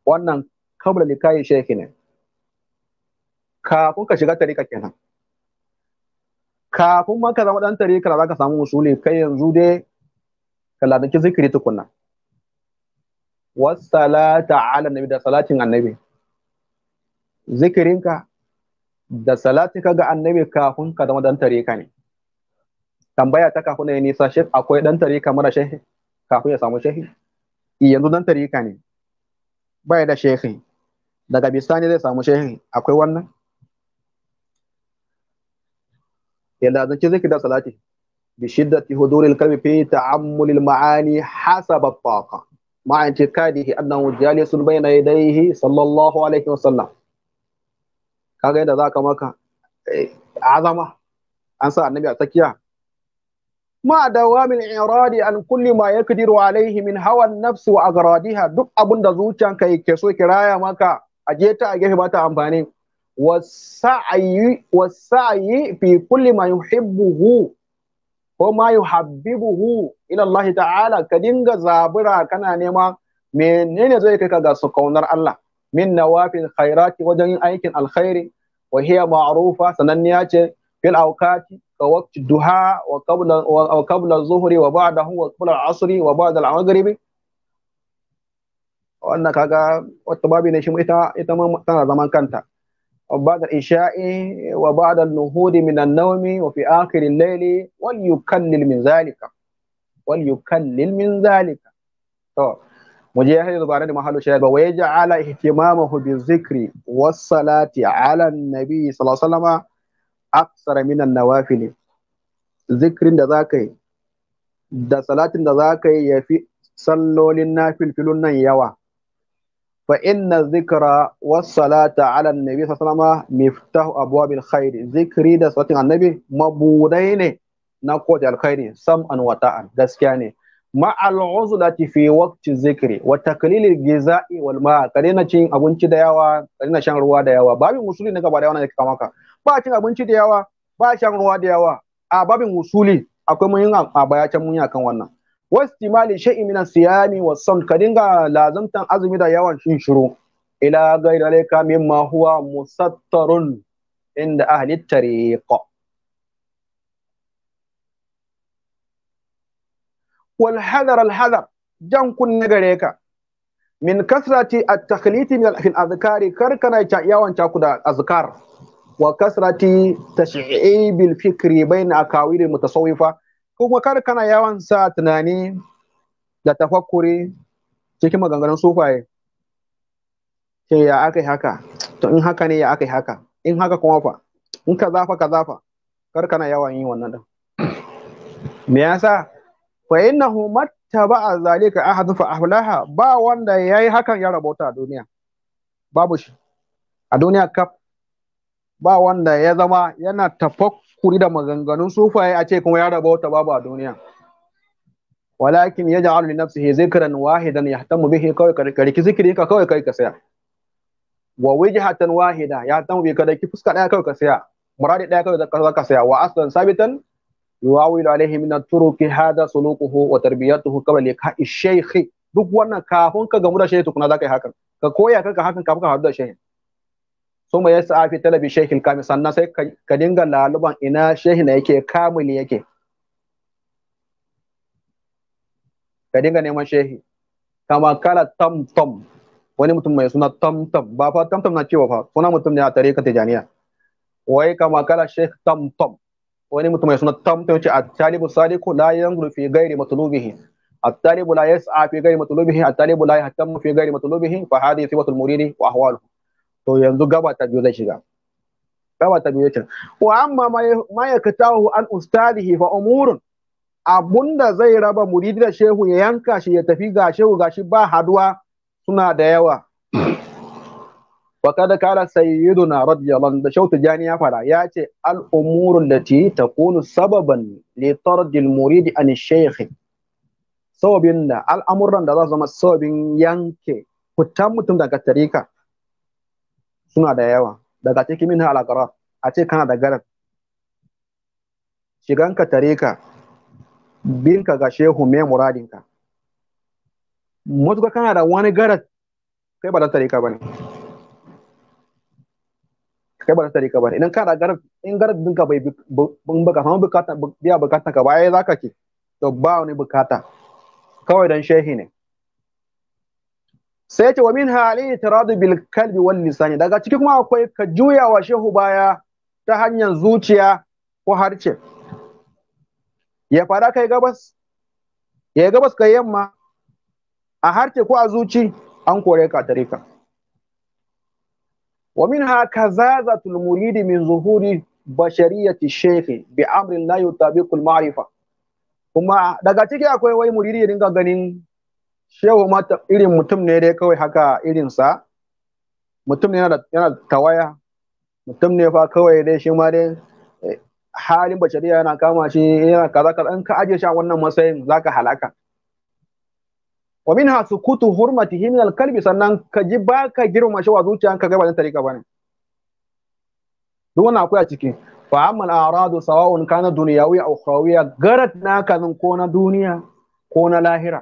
wannan kabla likayi sheki ne kafin ka shiga tarika kenan kafin ma ka zama dan tarika za ka samu usuli kai yanzu dai ka ladaki zikiri tukunna wasalata ala nabi da salatin annabi zikirinka da salatika ga annabi kafin ka zama dan tarika ne tambaya ta kafin ya nisa shi akwai dan tarika mara shehi kafin ya samu shehi yanzu dan tarika ne bai da shehi daga bisani zai samu shehi akwai wannan yadda zance zai kida salati bi shiddati huduril kalbi fi ta'ammulil ma'ani hasaba taqa ma'a intikadihi annahu jalisun bayna yadayhi sallallahu alaihi wa sallam kaga yadda zaka maka eh, azama an sa annabi a tsakiya ma dawamin iradi an kulli ma yakdiru alaihi min hawan nafsi wa agradiha duk abin da zuciyanka yake so kiraya maka aje ta a gefe ba ta amfani wasa'i fi kulli ma yuhibbuhu ko ma yuhabbibuhu ila Allah ta'ala ka dinga zabira kana nema menene zai kai ka ga su kaunar Allah min nawafil khairati wajen aikin alkhairi wa hiya ma'rufa sananniya ce fil awqati وقت الدحى وقبل وقبل الظهر وبعده وقبل العصر وبعد المغرب wannan kaga wata babi ne shi ita tana zaman kanta ba'da isha'i wa ba'da nuhudi min an-nawmi wa fi akhir al-layli wal yukallil zalika wal yukallil min zalika to muje ya hanyar bare da mahallu wa yaj'ala ihtimamahu bi dhikri was salati ala an aksara minan nawafili zikirin da za ka yi da salatin da za ka yi ya fi sallolin na filfilun nan yawa fa inna zikra was salata ala nabi sallallahu alaihi wasallam miftahu abwabil khair zikri da salatin annabi mabudai ne na kowace alkhairi sam an ta'an gaskiya ne ma al'uzlati fi waqti zikri wa taqlil gizai wal ma kare na cin abinci da yawa kare na shan ruwa da yawa babin musulmi ne gaba da yawa ne kama ba cin abinci da yawa ba shan ruwa da yawa a babin usuli akwai mun a baya can mun kan wannan wastimali shay'in min siyami wa sam ka dinga lazuntan azumi da yawan shin shiru ila ghayri alayka mimma huwa musattarun inda ahli tariq wal hadar al hadar jan kun gare ka min kasrati at-takhliti min al-azkari kar kana yawan kuda azkar wa kasrati tash'ibil fikri bain akawil mutasawwifa kuma kar kana yawan sa tunani da tafakkuri cikin maganganun sufaye ce ya aka yi haka to in haka ne ya aka yi haka in haka kuma fa in ka zafa ka zafa kar kana yawan yin wannan din me yasa fa innahu mattaba zalika ahad fa aflaha ba wanda yayi hakan ya rabota a duniya babu shi a duniya kaf ba wanda ya zama yana tafakkuri da maganganun sufaye a ce kuma ya raba wata babu a duniya walakin ya ja'alu li nafsihi zikran wahidan yahtamu bihi kawai ka riki zikiri ka kawai kai ka saya wa wajhatan wahida tamu bi kada ki fuska daya kawai ka saya muradi daya kawai ka saya wa aslan sabitan yuawilu alaihi min at-turuqi hadha suluquhu wa tarbiyatuhu li ka'i shaykh duk wannan kafin ka gamu da shaykh tukuna zakai hakan ka koya kanka hakan kafin ka haɗu da shaykh suma ya sa fi talabi shehil kami sannan sai ka dinga laluban ina shehin yake kamil yake ka dinga neman shehi kama kala tamtam wani mutum mai suna tamtam ba fa tamtam na cewa fa suna mutum ne a ka tijaniya wai kama kala shehi tamtam wani mutum mai suna tamtam ce a talibu saliku la yanzuru fi gairi matulubihi at-talibu la yas'a fi gairi matulubihi at-talibu la yahtamu fi gairi matulubihi fa hadhihi sifatul muridi wa ahwaluhu to yanzu gaba ta biyu zai shiga gaba ta biyu zai wa amma ma katahu an ustadihi fa umurun abunda zai raba muridi da shehu ya yanka shi ya tafi ga shehu gashi ba haduwa suna da yawa wa kada kala sayyiduna radiyallahu da shautu jani ya fara ya ce al umurun lati takunu sababan li tardil muridi an shaykh sababin da al'amuran da za su zama sababin yanke fitan mutum daga tarika suna da yawa daga cikin min alagarar a ce kana da garab shiganka tare ka binka ga shehu mai muradinka ka kana da wani garar kai ba da tare ka bane kai ba da tare ka bane idan kana da garar in garab dinka bai bin baka samu bukata biya bukata ka ba ai zaka ce to ba wani bukata kawai dan shehi ne sai ce wa min alayhi taradu bil kalbi wal lisani daga ciki kuma akwai ka wa shehu baya ta hanyar zuciya ko harce ya fara kai gabas ya gabas kai yamma a harce ko a zuci an kore ka tarika wa minha kazazatul muridi min zuhuri bashariyati shekhi bi amrin la yutabiqul ma'rifa kuma daga ciki akwai wai muridi ya dinga ganin shehu ma irin mutum ne dai kawai haka irinsa mutum ne yana da tawaya mutum ne fa kawai dai shi ma dai eh, halin bashariya yana kama shi yana kaza kaza in ka aje shi a wannan matsayin zaka halaka wa minha sukutu hurmatihi min al sannan ka ji ba ka girma shi wa ka kai ba zan tarika bane duk wannan akwai a ciki fa amma aradu sawa'un kana dunyawi aw ukhrawiya garat na kanin ko na duniya ko na lahira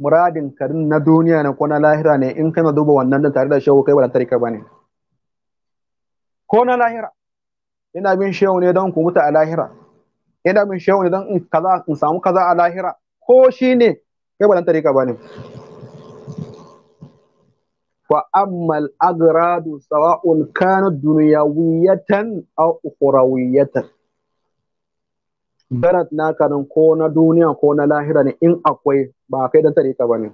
muradin karin na duniya ne ko na lahira ne in kana duba wannan da tare da shehu kai wannan tarika bane ko na lahira ina bin shehu ne don ku muta a lahira ina bin shehu ne don in kaza in samu kaza a lahira ko shi ne kai wannan tarika bane wa ammal agradu sawa'un kana dunyawiyatan aw ukhrawiyatan barat naka nan ko na duniya ko na lahira ne in akwai ba kai dan tarika ba ne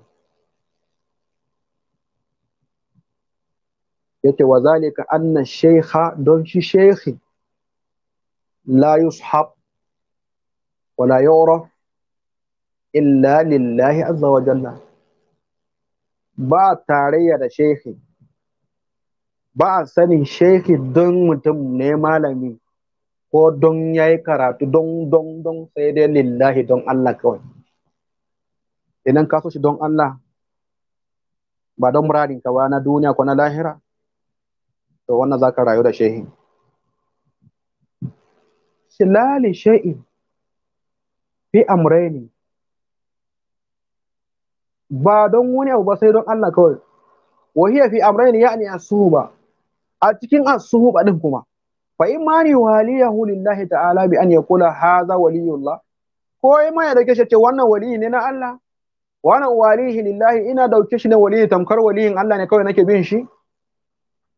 yace wa zalika anna shaykha don shi shaykhi la yushab wa la yura illa lillahi azza wa jalla ba tarayya da shaykhi ba a sanin shaykhi don mutum ne malami ko don ya yi karatu don don don sai dai lillahi don Allah kawai idan ka so shi don Allah ba don muradin ka ba na duniya ko na lahira to wannan za ka rayu da shehi silali shehi fi amraini ba don wani abu ba sai don Allah kawai wahiya fi amraini ya'ni as-suhuba a cikin suhu ba din kuma fa in ma ni waliyahu lillahi ta'ala bi an yaqula hadha waliyullah ko in ma ya dauke shi ce wannan waliyi ne na Allah wannan walihi lillahi ina dauke shi ne waliyi tamkar waliyin Allah ne kawai nake bin shi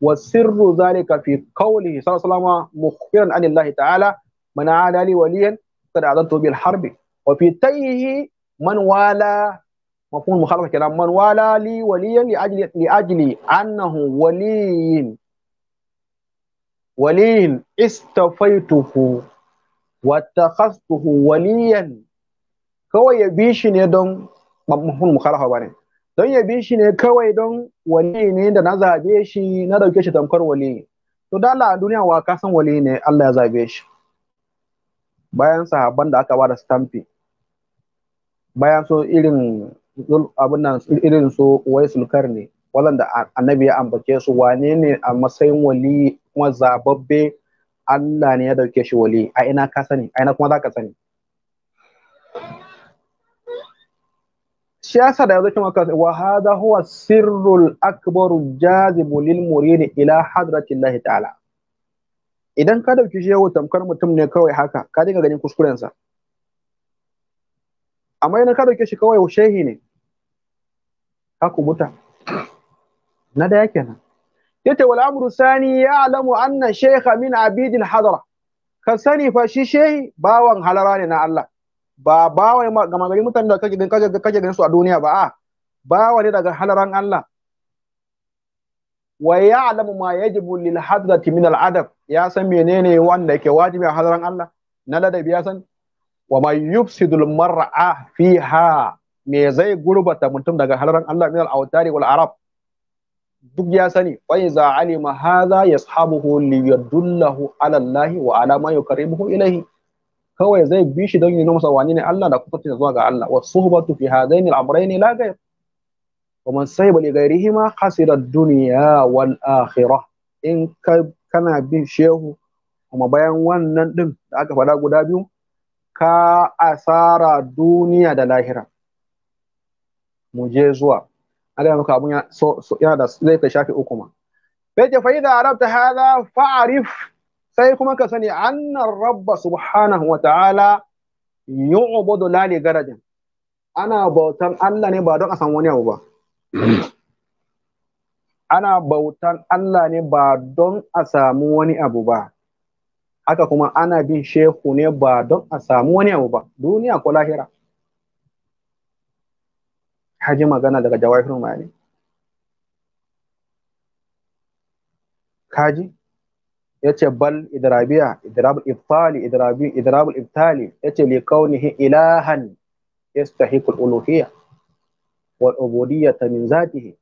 wa sirru zalika fi qawlihi sallallahu alaihi wasallam mukhbiran an Allah ta'ala man aada li waliyan qad adantu bil harbi wa fi tayhi man wala مفهوم المخالفه كلام من والى li وليا li لاجل annahu ولي ولي استفيته واتخذته وليا kawai ya bi shi ne don mahun don ya bi shi ne kawai don wali ne da na zabe shi na dauke shi tamkar wali to da Allah a duniya wa ka san wali ne Allah ya zabe shi bayan sahabban da aka ba da stampi bayan so irin abin nan irin su waisul karni waɗanda annabi ya ambace su wane ne a matsayin wali kuma zababbe Allah ne ya dauke shi wali a ina ka sani a ina kuma za ka sani siyasa da yanzu kuma wa hadha huwa sirrul akbar jazibu lil murid ila hadratillahi ta'ala idan ka dauki yau tamkar mutum ne kawai haka ka dinga ganin kuskuren sa amma idan ka dauke shi kawai shehi ne ka kubuta na da yake nan yace wal amru sani ya'lamu anna shaykha min abidil hadara ka sani fa shi shehi bawan halara ne na Allah ba bawa gama gari mutanen da kake kake kake ganin su a duniya ba a bawa ne daga halaran Allah wa ya'lamu ma yajibu lil hadrati min al adab ya san menene wanda yake wajibi a halaran Allah na ladabi ya san wa ma yufsidul mar'a fiha me zai gurbata mutum daga halaran Allah min al awtari wal arab duk ya sani wa iza alima hadha yashabuhu li yadullahu ala Allah wa ala ma yuqarribuhu ilayhi kawai zai bi shi don yin masa wani ne Allah da kuma zuwa ga Allah wa suhbatu fi hadaini al-amrayn la ghayr wa man sayba li ghayrihima khasira ad-dunya wal akhirah in ka kana bin shehu kuma bayan wannan din da aka faɗa guda biyu ka asara duniya da lahira mu je zuwa an gaya maka abun yana da zai ka shafi uku ma sai ce fa'ida idza arabta hada fa'arif sai kuma ka sani annar rabba subhanahu wa ta'ala yu'budu la li garajin ana bautan Allah ne ba don a san wani abu ba ana bautan Allah ne ba don a samu wani abu ba haka kuma ana bin shehu ne ba don a samu wani abu ba duniya ko lahira ka ji magana daga jawahirul ma'ani kaji ce bal idrabiya idrabul ibtali idrabi idrabul ibtali yace li kaunihi ilahan yastahiqu al-uluhiyya wal ubudiyyata min zatihi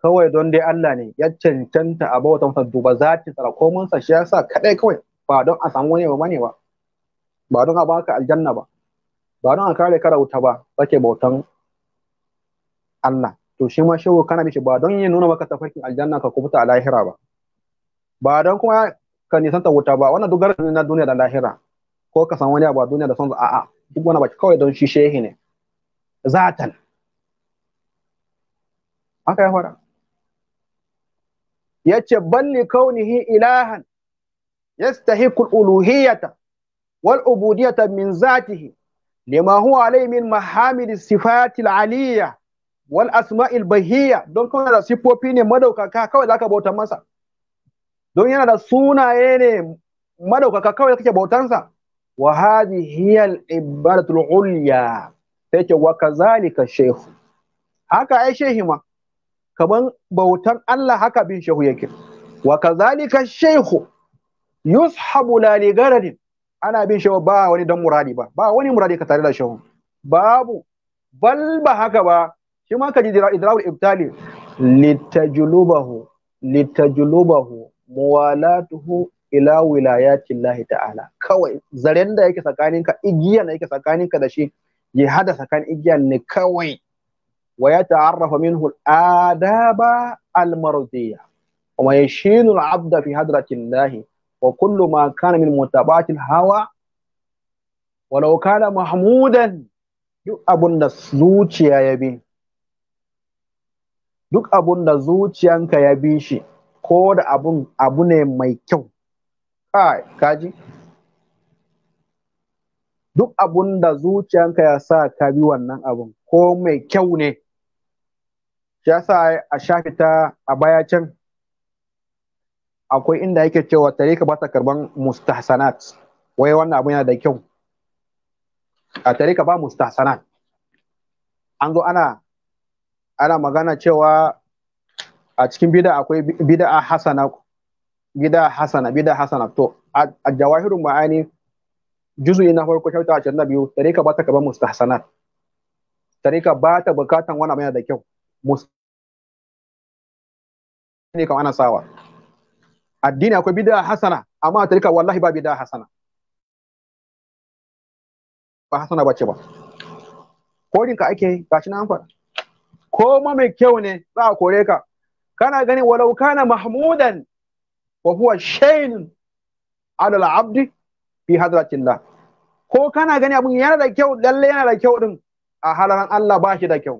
kawai don dai Allah ne ya cancanta a bautan sa duba zati tsara komun sa shi yasa kadai kawai ba don a samu wani ba ne ba ba don a baka aljanna ba ba don a kare ka rauta ba kake bautan Allah to shi ma shawo kana mishi ba don yin nuna maka tafarkin aljanna ka kubuta a lahira ba ba don kuma ka nisanta wuta ba wannan duk garin na duniya da lahira ko ka san wani abu a duniya da son a'a duk wani ba kawai don shi shehi ne zatan haka ya fara ce balli kaunihi ilahan ya al-uluhiyyata wal ubudiyyata min zatihi lima huwa alai min mahamid sifatil al-aliyya wal asma'il bahiyya don kuma da siffofi ne madaukaka kawai zaka bauta masa don yana da sunaye ne madaukaka kawai kake bautansa wa hadhihi hiyal ibadatul ulya sai ce wa kazalika shehu haka ai shehi ma kaman bautan Allah haka bin shehu yake wa kazalika shehu yushabu la li ana bin shehu ba wani dan muradi ba ba wani muradi ka tare da shehu babu bal ba haka ba shi ma kaji idrarul ibtali litajlubahu litajlubahu muwalatuhu ila wilayatillahi ta'ala kawai zaren da yake tsakaninka igiyan da yake tsakaninka da shi Yi hada tsakanin igiyan ne kawai wa ya ta'arrafa minhu al-adaba al-mardiyya wa yashinu al-abda fi hadrati wa kullu ma kana min mutabati hawa Walaukana mahmudan duk abun da zuciya ya bi duk abun da zuciyanka ya bi shi ko da abun abu ne mai kyau kai kaji duk abun da zuciyanka ya sa ka bi wannan abun ko mai kyau ne ya sa a shafi ta a baya can akwai inda yake cewa ka ba ta karban mustahsanat wai wannan abu yana da kyau a ka ba mustahsanat an zo ana ana magana cewa a cikin bida akwai bida hasana bida hasana bida hasana to a jawahirun ma'ani juzu'i na farko shauta 22 tarika ba ta musta hasana tarika ba ta bukatan wani mai da kyau ne kamar ana sawa addini akwai bida hasana amma tarika wallahi ba bida hasana ba hasana ba ce ba kodin ka ake gashi na an faɗa ko ma mai kyau ne za a kore ka kana gani walau kana mahmudan wa huwa shaynun ala abdi fi hadratillah ko kana gani abun yana da kyau lalle yana da kyau din a halaran Allah ba shi da kyau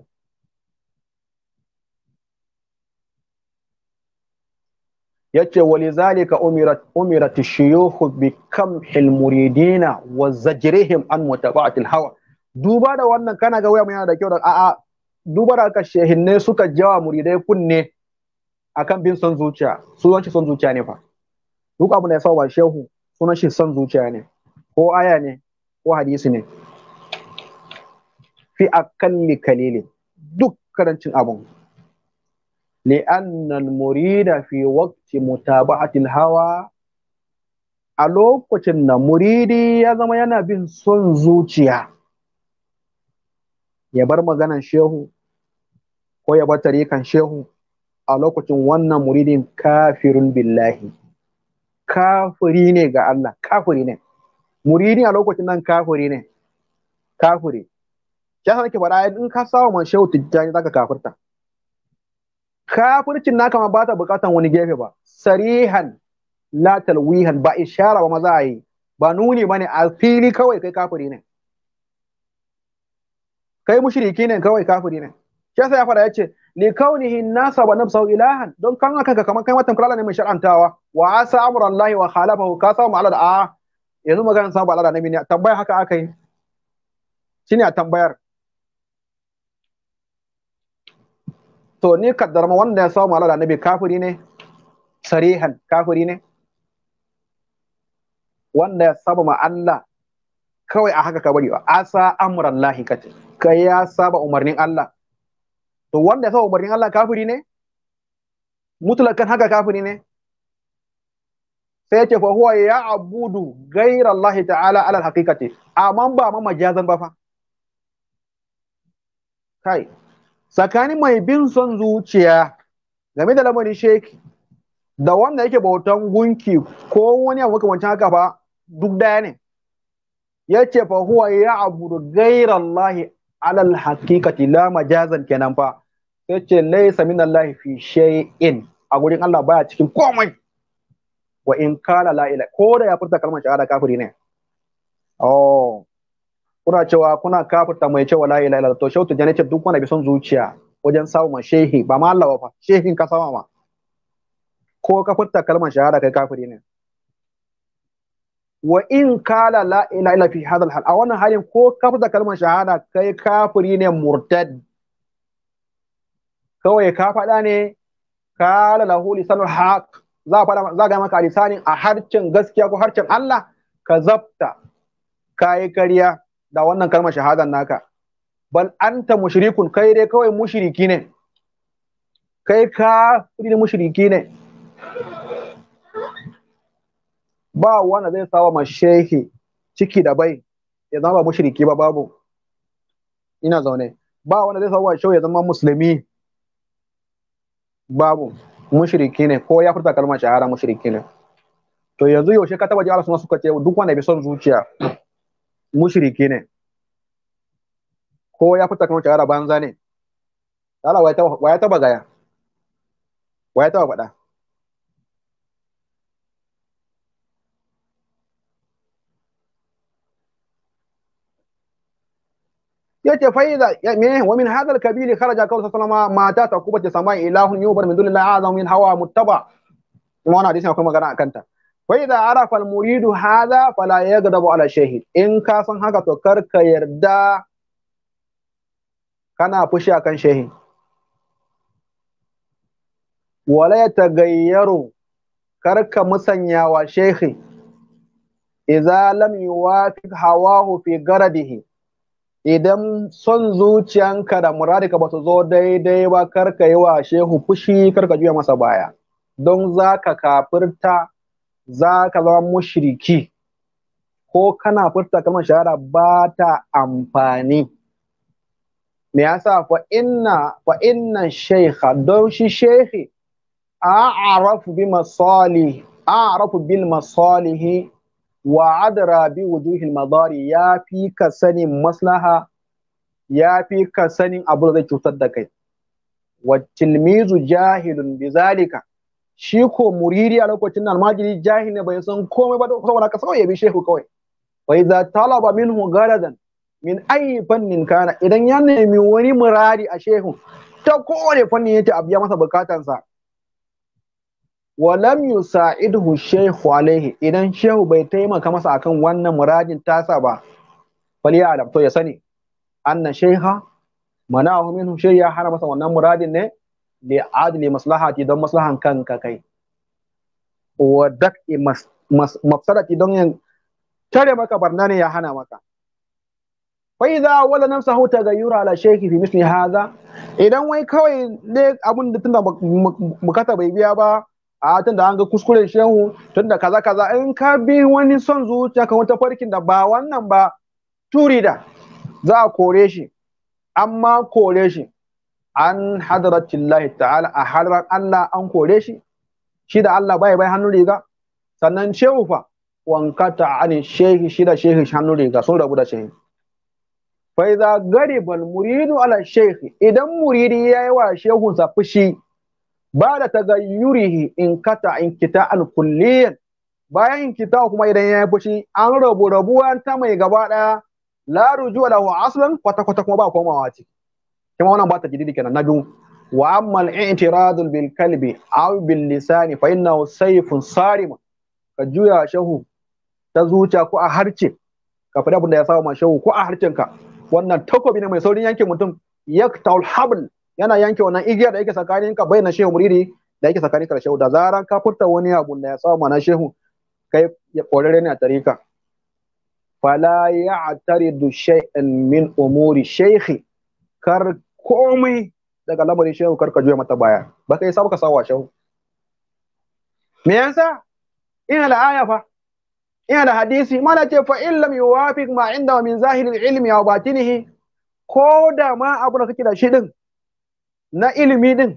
yace walizalika umirat umirat shuyukh bi kamhil muridina wa zajrihim an mutaba'atil hawa duba da wannan kana ga waya yana da kyau da a'a duba da aka suka jawa muridai kunne akan bin son zuciya sunan shi son zuciya ne fa duk abu da ya saba shehu sunan shi son zuciya ne ko aya ne ko hadisi ne fi akalli kalili duk karancin abun لأن المريد في وقت متابعة الهوى a lokacin na muridi ya zama yana bin son zuciya ya bar maganan shehu ko ya bar tarikan shehu a lokacin wannan muridin kafirun billahi kafiri ne ga Allah kafiri ne muridin a lokacin nan kafiri ne kafiri ya san ke faɗa in ka sawa man shehu tijjani zaka kafirta kafircin naka ma ba ta bukatan wani gefe ba sarihan la talwihan ba ishara ba maza yi ba nuni bane a fili kawai kai kafiri ne kai mushriki ne kawai kafiri ne shi sai ya fara yace li kaunihi nasa wa nafsahu ilahan don kan kanka kamar kai matan kurala ne mai shar'antawa wa asa amru Allah wa khalafahu ka samu alada a yanzu maganar samu ala nabi ne tambaya haka aka yi ne a tambayar to ni kaddar ma wanda ya mu alada nabi kafiri ne sarihan kafiri ne wanda ya saba ma Allah kawai a haka ka bari wa asa amran lahi kace kai ya saba umarnin Allah to wanda ya sa umarnin Allah kafiri ne mutlakan haka kafiri ne sai ya ce fa huwa ya abudu ghayra Allah ta'ala ala al-haqiqati amma ba ma majazan ba fa kai tsakanin mai bin son zuciya game da lamarin sheki da wanda yake bautan gunki ko wani abu kamar haka fa duk daya ne ya ce fa huwa ya abudu ghayra Allah ala al-haqiqati la majazan kenan fa sai ce laisa min Allah fi shay'in a gurin Allah baya cikin komai wa in kana la ko da ya furta kalmar shahada kafiri ne oh kuna cewa kuna kafirta mai cewa la ila ila to shautu jani duk wanda bi son zuciya wajen samu ma shehi ba ma Allah ba shehin ka sama ma ko ka furta kalmar shahada kai kafiri ne wa in kala la ila fi hadal hal a wannan halin ko ka furta kalmar shahada kai kafiri ne murtad kawai ka faɗa ne ka lalahu lisanul haq za a faɗa za ga maka lisanin a harcin gaskiya ko harcin Allah ka zabta kai kariya, da wannan kalmar shahadan naka bal anta mushrikun kai dai kawai mushriki ne kai ka kudi mushriki ne ba wanda zai sawa mashehi ciki da bai ya zama ba mushriki ba babu ina zaune ba wanda zai sawa shau ya zama musulmi babu mushriki ne ko ya furta kalmar shahara mushriki ne to yanzu yaushe ka taba ji Allah suka ce duk wanda bai son zuciya mushriki ne ko ya furta kalmar shahara banza ne Allah waya taba gaya waya taba faɗa yace fa iza me wa min hadha al-kabil kharaja qawlu sallama mata ta kubati sama ilahun yubar min dunillahi azam min hawa muttaba wannan hadisi akwai magana akan ta fa iza arafa al-muridu hadha fala yaghdabu ala shahid in ka san haka to kar ka yarda kana fushi akan shahid wala ya tagayyaru kar ka musanya wa shehi idza lam yuwafiq hawahu fi garadihi idan son zuciyanka da muradika ba su zo daidai ba kar yi wa shehu fushi karka juya masa baya don za ka kafirta za ka zama mushriki ko kana furta kalmar shahara ba ta amfani me yasa fa inna fa inna shaykha don shi shehi a'rafu bi masalihi a'rafu bil masalihi wa adara bi wujuhil madari ya fi ka sanin maslaha ya fi ka sanin abu da zai cutar da kai wa tilmizu jahilun bi zalika shi ko muriri a lokacin almajiri jahil ne bai san komai ba saboda kasar? Ya bi shehu kawai wa idza talaba minhu garadan min ayi fannin kana idan ya nemi wani muradi a shehu ta kowane fanni yake abiya masa bukatansa walam yusa'idhu shaykhu alaihi idan shehu bai taimaka masa akan wannan muradin tasa ba fali ya alam to ya sani anna shaykha manahu minhu shay ya hana masa wannan muradin ne li adli maslahati don maslahan kanka kai wa dak'i mafsadati don yan tare maka barna ne ya hana maka fa idza wala nafsahu tagayyura ala shaykhi fi misli hadha idan wai kawai ne abun da tunda bukata bai biya ba a tunda an ga kuskuren shehu tunda kaza kaza in ka bi wani son zuciya kan wata farkin da ba wannan ba turi da za a kore shi amma kore shi an hadratillahi ta'ala a harar Allah an kore shi shi da Allah bai bai hannun riga sannan shehu fa wankata ani shehi shi da shehi hannun riga sun rabu da shehi fa idza gariba muridu ala shehi idan muridi yayi wa shehunsa fushi ba da tagayyurihi in kata in kita an kulliyan bayan in kita kuma idan ya fushi an rabu rabuwa ta mai gaba daya la rujuwa lahu aslan kwata kwata kuma ba komawa ce kuma wannan ba ta jididi kenan na biyu wa amma al-i'tiradu bil kalbi aw bil lisani fa innahu sayfun sarima ka juya shahu ta zuciya ko a harce ka fada abin da ya samu ma shahu ko a ka? wannan takobi ne mai saurin yanke mutum yaktaul habl yana yanke wannan igiyar da yake tsakaninka ka bai na shehu muridi da yake tsakanin ka da shehu da zaran ka furta wani abu da ya samu mana shehu kai ya korare ne a tarika fala ya'taridu shay'an min umuri shaykhi kar komai daga lamarin shehu kar ka juya mata baya ba kai sabu ka sawa shehu me yasa ina da aya fa ina da hadisi mana ce fa in lam yuwafiq ma inda min zahiril ilmi wa batinihi ko da ma abu da kake da shi din na ilimi din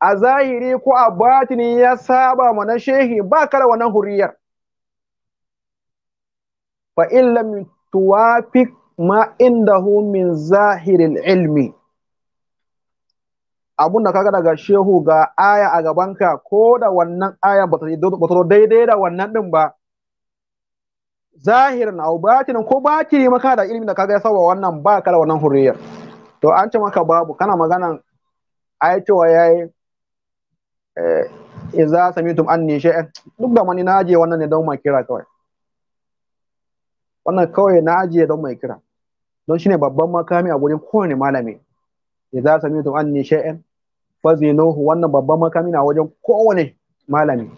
a zahiri ko a batini ya saba ma shehi ba ka wannan huriyar fa in min tuwafiq ma indahu min zahiril ilmi abun da kaga daga shehu ga aya a gabanka ko da wannan aya ba ta daidai da wannan din ba zahirin au batinin ko batini maka da ilimin da kaga ya saba wannan ba ka wannan huriyar to an ce maka babu kana maganan ai cewa yayi eh, idza samitum anni shay'an duk da mani naje wannan ne don mai kira kawai wannan kawai naje don mai kira don shine babban makami a gurin kowane malami idza samitum anni shay'an fazinuhu wannan babban makami na wajen kowane malami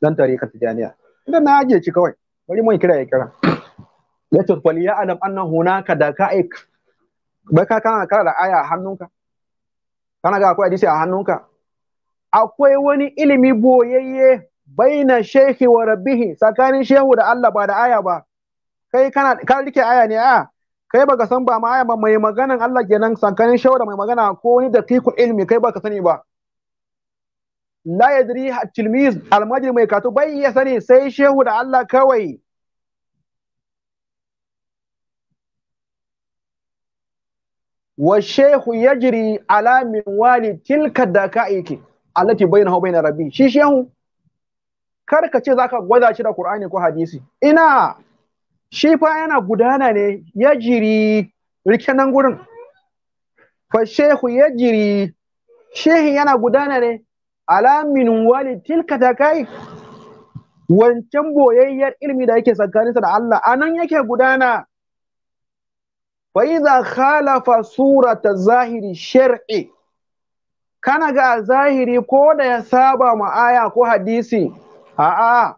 dan tariqat tijaniya idan naje shi kawai bari mai kira ya kira Ya fali ya alam Annan, hunaka ka'ik bai ka kana kara da aya hannunka kana ga akwai hadisi a hannunka akwai wani ilimi boyayye baina shehi wa rabbihi tsakanin shehu da Allah ba da aya ba kai kana ka rike aya ne a kai baka san ba ma aya ba mai maganan Allah kenan tsakanin shehu da mai magana ko wani kiku ilimi, kai baka sani ba la yadri at-tilmiz al mai kato bai ya sani sai shehu da Allah kawai wa shehu yajri ala min wali tilka dakaiki allati bainahu bayna rabi. shi shehu kar ka ce ka gwada shi da Ƙur'ani ko hadisi ina shi fa yana gudana ne jiri rike nan gurin fa shehu jiri shehi yana gudana ne alamin wali tilka aiki. wancan boyayyar ilmi da yake tsakaninsa da Allah anan yake gudana Wa idza khalafa surata zahiri shar'i kana ga zahiri ko da ya saba ma aya ko hadisi a'a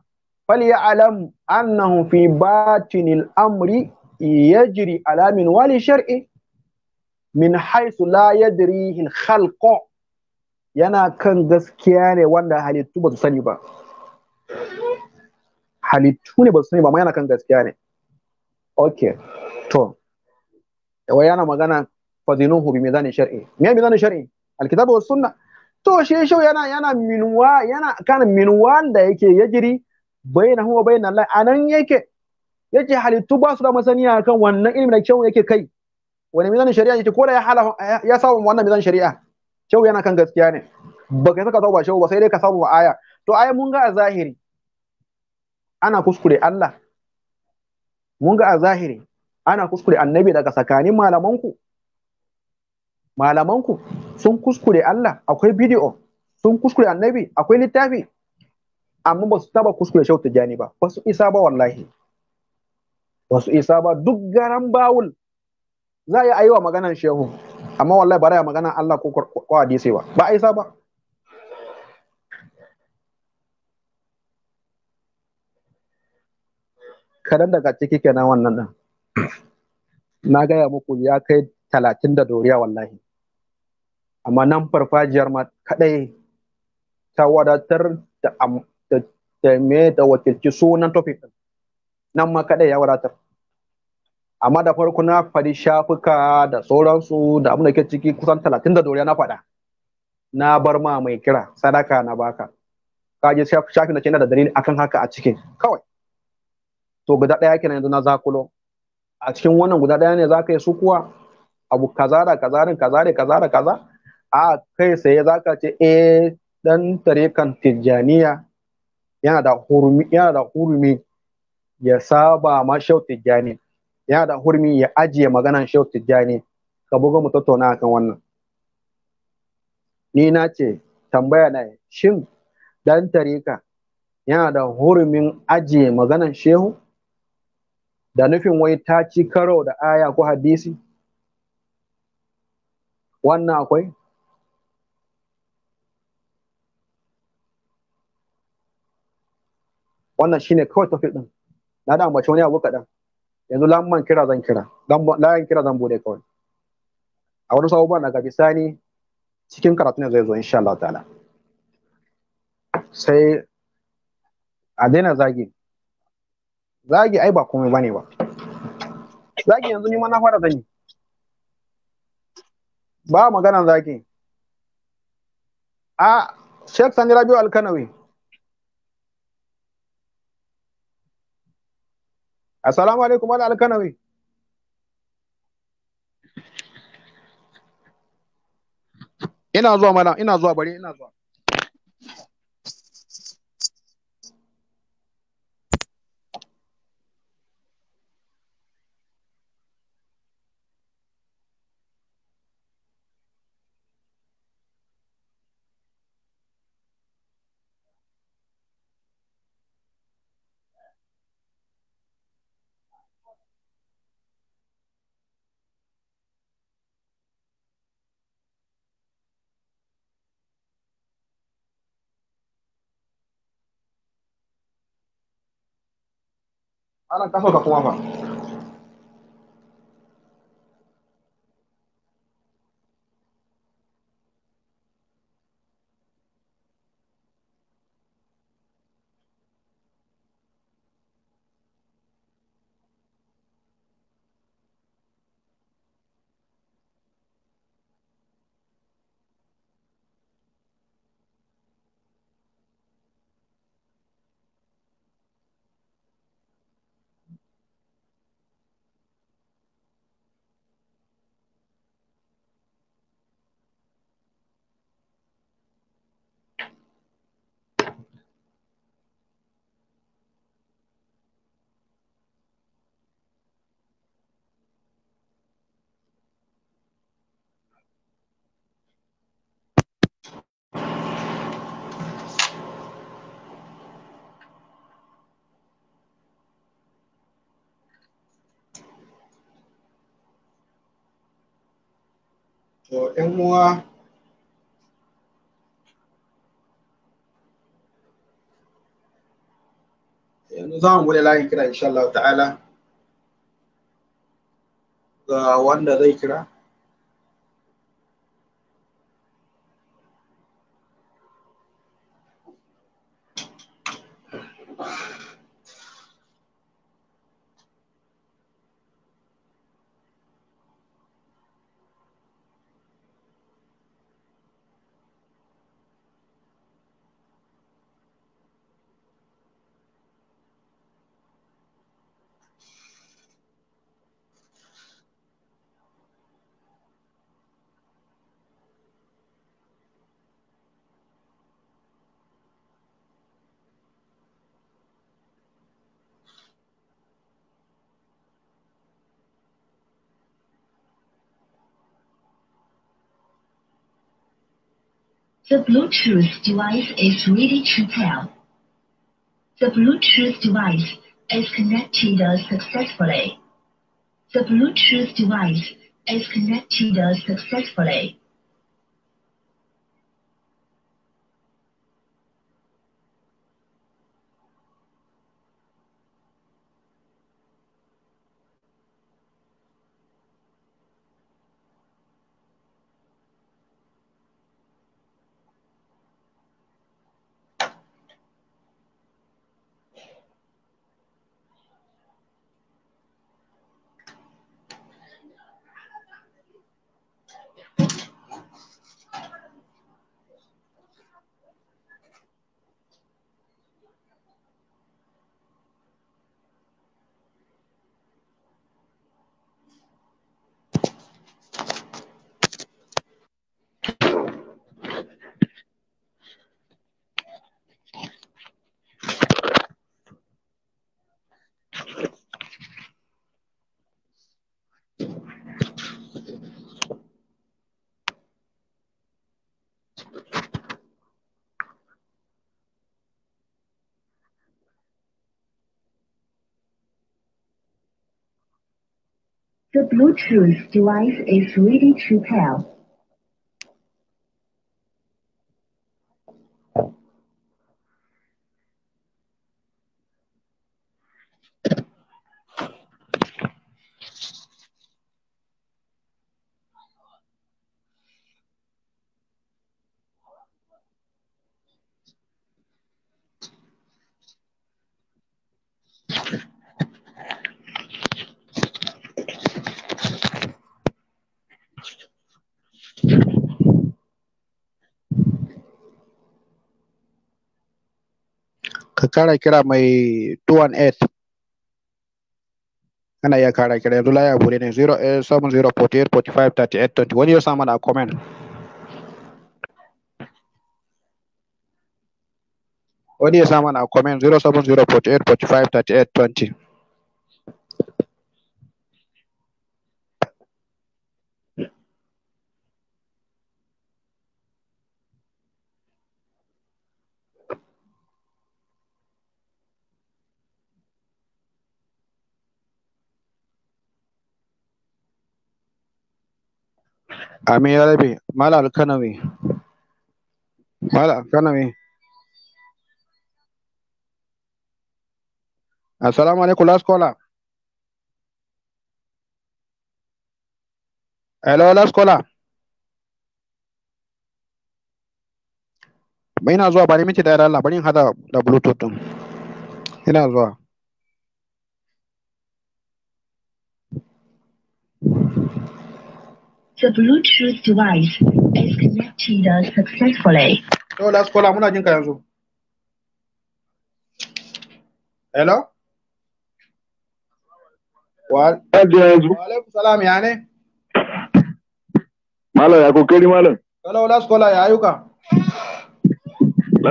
fal ya'lam annahu fi batinil amri yajri ala min wali shar'i min haisu la yadrihi al-khalqu yana kan gaskiya ne wanda halittu ba su sani ba halittu ne ba su sani ba amma yana kan gaskiya ne okay to wai yana magana fazinuhu bi mizani shar'i me mizani shar'i alkitabu was sunna to shi shau yana yana minwa yana kana minwan da yake yajiri bai na Lai? A anan yake yake halittu ba su da masaniya kan wannan ilmin da kyau yake kai wani mizani shari'a yake ko da ya hala ya samu wannan mizani shari'a kyau yana kan gaskiya ne baka saka ba shau ba sai dai ka samu aya to aya mun ga a zahiri ana kuskure Allah mun ga a zahiri ana kuskure annabi daga tsakanin malamanku malamanku sun kuskure Allah akwai bidiyo sun kuskure annabi akwai littafi amma ba su taba kuskure shautu jani ba ba su isa ba wallahi ba su isa ba duk garan bawul za a yi aiwa maganan shehu amma wallahi ba ya maganan Allah ko ko hadisi ba ba isa ba kadan daga ciki kenan wannan din na gaya muku ya kai talatin da doriya wallahi amma nan farfajiyar ma kadai ta wadatar da da da wakilci sunan topic din nan ma kadai ya wadatar amma da farko na faɗi shafuka da sauransu da abin da ke ciki kusan talatin da doriya na faɗa na bar ma mai kira sadaka na baka ka je shafin da ke da dalili akan haka a cikin kawai to guda ɗaya kenan yanzu na zakulo a cikin wannan guda ɗaya ne za ka yi su kuwa? abu kaza da kaza ne kaza da kaza da kaza a kai sai za ka ce eh dan tarekan tijjaniya yana da hurumi yana da hurumi ya saba ma shau tijjani yana da hurmi ya ajiye maganan shau tijjani ka buga mu tattauna akan wannan ni na ce tambaya na shin dan tarika yana da hurumin ajiye maganan shehu da nufin wai ta ci karo da aya ko hadisi wannan akwai wannan shine kawai tafi din na da ambaci wani abu kaɗan yanzu lamman kira zan kira layan kira zan bude kawai a wani sabo na ga sani cikin karatu ne zai zo insha Allah ta'ala sai a daina zagi zagi ai ba komai bane ba zagi yanzu ni ma na fara zani ba magana zagi a Sheikh Sani Rabiu Alkanawi Assalamu alaikum wani alkanawi. Ina zuwa mana, ina zuwa bari, ina zuwa. Alangkah kau kau kumama. To, ‘yan uwa yanzu za mu layin kira insha ta'ala ga wanda zai kira. you The Bluetooth device is ready to pair. The Bluetooth device is connected successfully. The Bluetooth device is connected successfully. The Bluetooth device is ready to pair. ka kara kira mai 218 kana iya kara kira yanzu laya bude ne 07048484538 wani yau sa a comment wani ya sa mana a 38 20. Ami ya rabe, Mala Alkanawi. Mala Alkanawi. Assalamu alaikum, last caller. Hello, last caller. Ina zuwa bari miki da yara labarin hada da Bluetooth din. Ina zuwa. The Bluetooth device is connected successfully. To last caller muna jin ka yanzu. Hello? ya Malam ya kokari malam. ya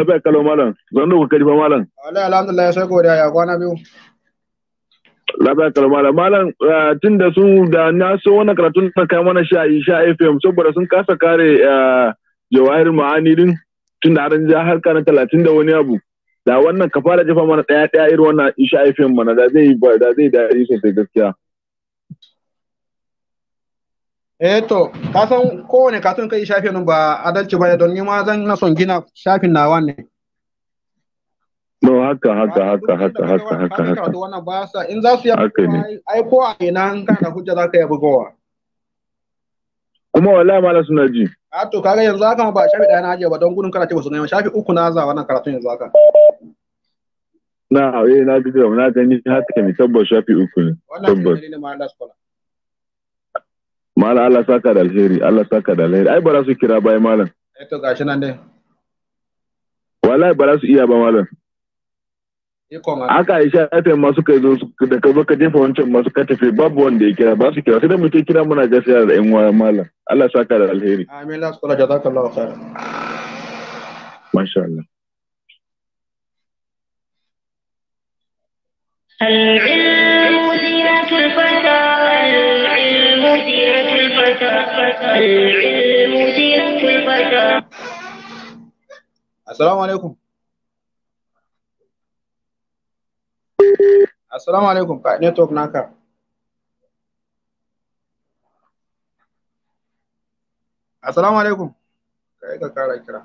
malam, zan da malam. Wallahi alhamdulillah sai godiya ya kwana biyu. Lafiya kalmala malam. Uh, tun da su da na so wannan karatun na kai mana sha sha FM saboda sun kasa kare uh, jawahir ma'ani din tun da har ja harka na talatin da wani abu. Da wannan ka fara jefa mana ɗaya ɗaya irin wannan sha FM mana da zai da zai yi sosai gaskiya. Eh to, ka san kowane katon kai shafin ba adalci ba don ni ma zan na son gina shafin nawa ne. No, haka haka haka haka haka haka haka. in za su yi ai ko a ina an kana hujja za ka yi Kuma wala mala suna ji. Ato, kaga yanzu haka ba shafi ɗaya na ajiye ba don gudun karatu ba su nema shafi uku na zawa nan karatun yanzu haka. Na eh na ji da na gani haka ne tabbas shafi uku ne. Tabbas. Mala Allah saka da alheri Allah saka da alheri ai ba su kira bai malam. Eh gashi nan dai. Wallahi ba za su iya ba malam. Aka yi shafin masu ka zo da ka zo ka jefa wancan masu ka tafi babu wanda ya kira ba su kira sai da mutum kira muna gaskiya da ƴan wayan malam Allah sa ka da alheri. Amin la Masha Allah. العلم زينة الفتى العلم زينة الفتى العلم زينة الفتى السلام Assalamu alaikum ka network naka. Assalamu alaikum. Kai ka kara kira.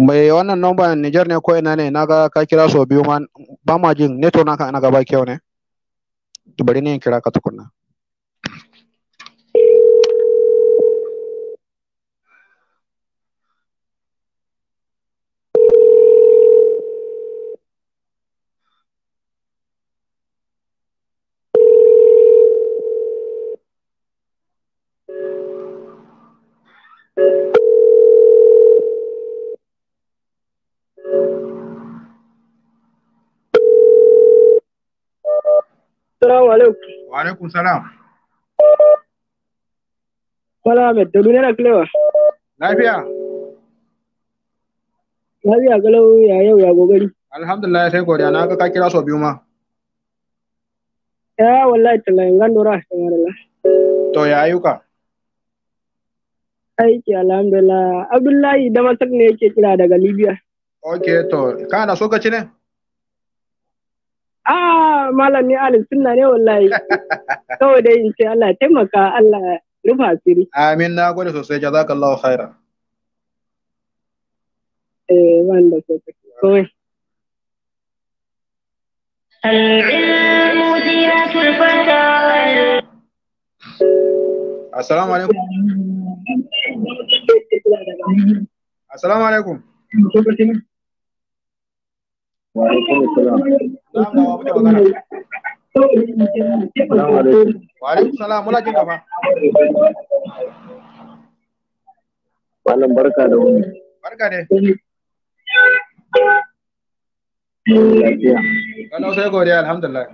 Mai wannan nomba Niger ne ko ina ne na ga ka kira sau biyu ma ba ma jin network naka na gaba kyau ne? Bari ne in kira ka tukunna. Salamu alaikum. Wa alaikum salam. Mala Ahmed, da duniya na kilewa. Lafiya. Lafiya galau ya yau ya gogari. Alhamdulillah sai godiya na ga ka kira sau biyu ma. Ya wallahi tallahi ngan dora subhanallah. To ya ayyuka? Aiki alhamdulillah. Abdullahi da masak ne yake kira daga Libya. Okay to kana so ka ci ne? Ah malam ne alin sunna ne wallahi kawai dai in ce Allah taimaka Allah rufa siri amin na gode sosai jazakallahu khairan eh wanda ko kawai Assalamu alaikum. Assalamu alaikum. Wa alaikum assalam. Malam barka da wani. Barka godiya alhamdulillah.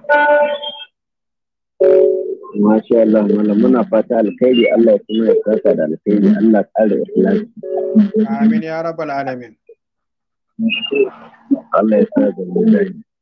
Masha Allah, muna fata alkhairi Allah kuma ya saka da alkhairi Allah ƙara ikhlasi. Amin ya rabbal alamin. Allah ya sa da mu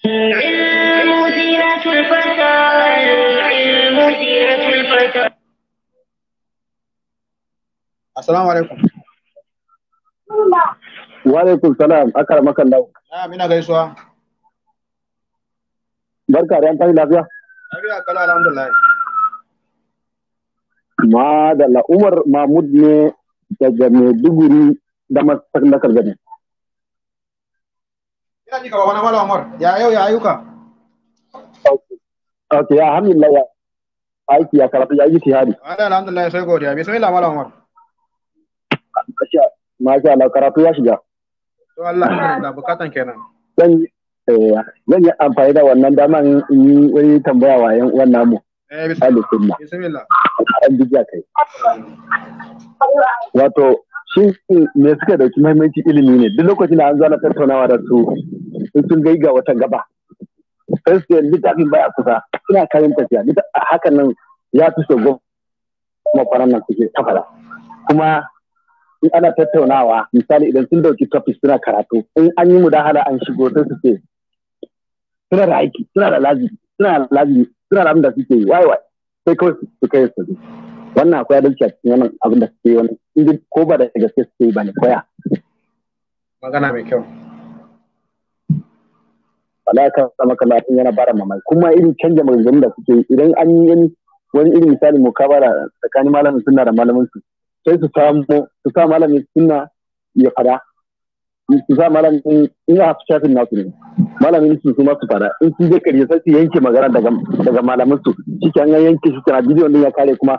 العلم زينة الفتى العلم زينة الفتى السلام عليكم wa alaikum salam akara makan dawo na gaisuwa barka da yan tashi lafiya lafiya kala alhamdulillah ma da la'umar mahmud ne daga maiduguri da masu masakar gani Ina Ya yau ya ya aiki ya karatu ya yi tihari. Ala alhamdulillah sai godiya. Umar. Masha Masha Allah karatu ya shiga. To Allah bukatan kenan. Eh, zan yi amfani da wannan daman in yi wani tambaya wa yan uwan namu. Eh bismillah. Bismillah. An bijiya kai. Wato shin me suka dauki muhimmanci ilimi ne duk lokacin da an zo na tattaunawa da su in sun gai ga wata gaba first day littafin baya kusa ina kayan tafiya hakan nan ya fi so goma kwanan nan kuke tafara kuma in ana tattaunawa misali idan sun dauki topic suna karatu in an yi mudahala an shigo sai su ce suna da aiki suna da lazimi suna da lazimi suna da abin da suke yi wai wai sai kawai su kai su wannan akwai adalci a cikin wannan abin da suke yi wannan ko ba da gaske suke yi ba ne koya magana mai kyau wala ka sama kalla tun yana bara mamaki kuma irin canja maganganun da suke yi idan an yi wani irin misali mukabara tsakanin malamin suna da malamin su sai su samu su sa malamin suna ya fada su sa malamin in ya hafi shafin nasu ne malamin su su masu fada in su je karye sai su yanke magana daga daga malamin su cikin an yanke shi kana bidiyo din ya kare kuma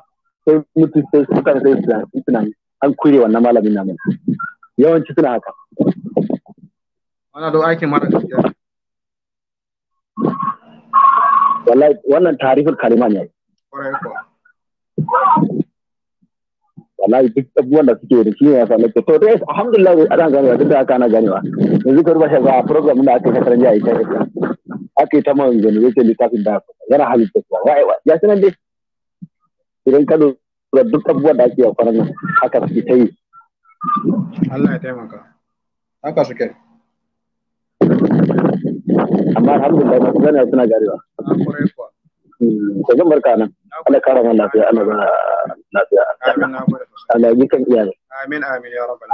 sai mutu sai su kare sai su tunani an kure wannan malamin namu yawanci suna haka wannan don aikin mara gaskiya wallahi wannan tarifin kalima ne wallahi duk abubuwan da suke da shi ne ya sa nake to dai alhamdulillah ana ganewa duk da haka ana ganewa yanzu ka ruba shi ga program da aka yi kasar jiya ita aka yi ta man ce littafin da yana halitta su ya sanar dai idan ka lura duk abubuwan da ake yi a kwanan nan haka suke ta yi Allah ya taimaka haka suke amma alhamdulillah masu gane suna garewa ko hmm, barka nan ana kara ma lafiya ana ba lafiya Ana yi kan iyaye amin amin ya rabbal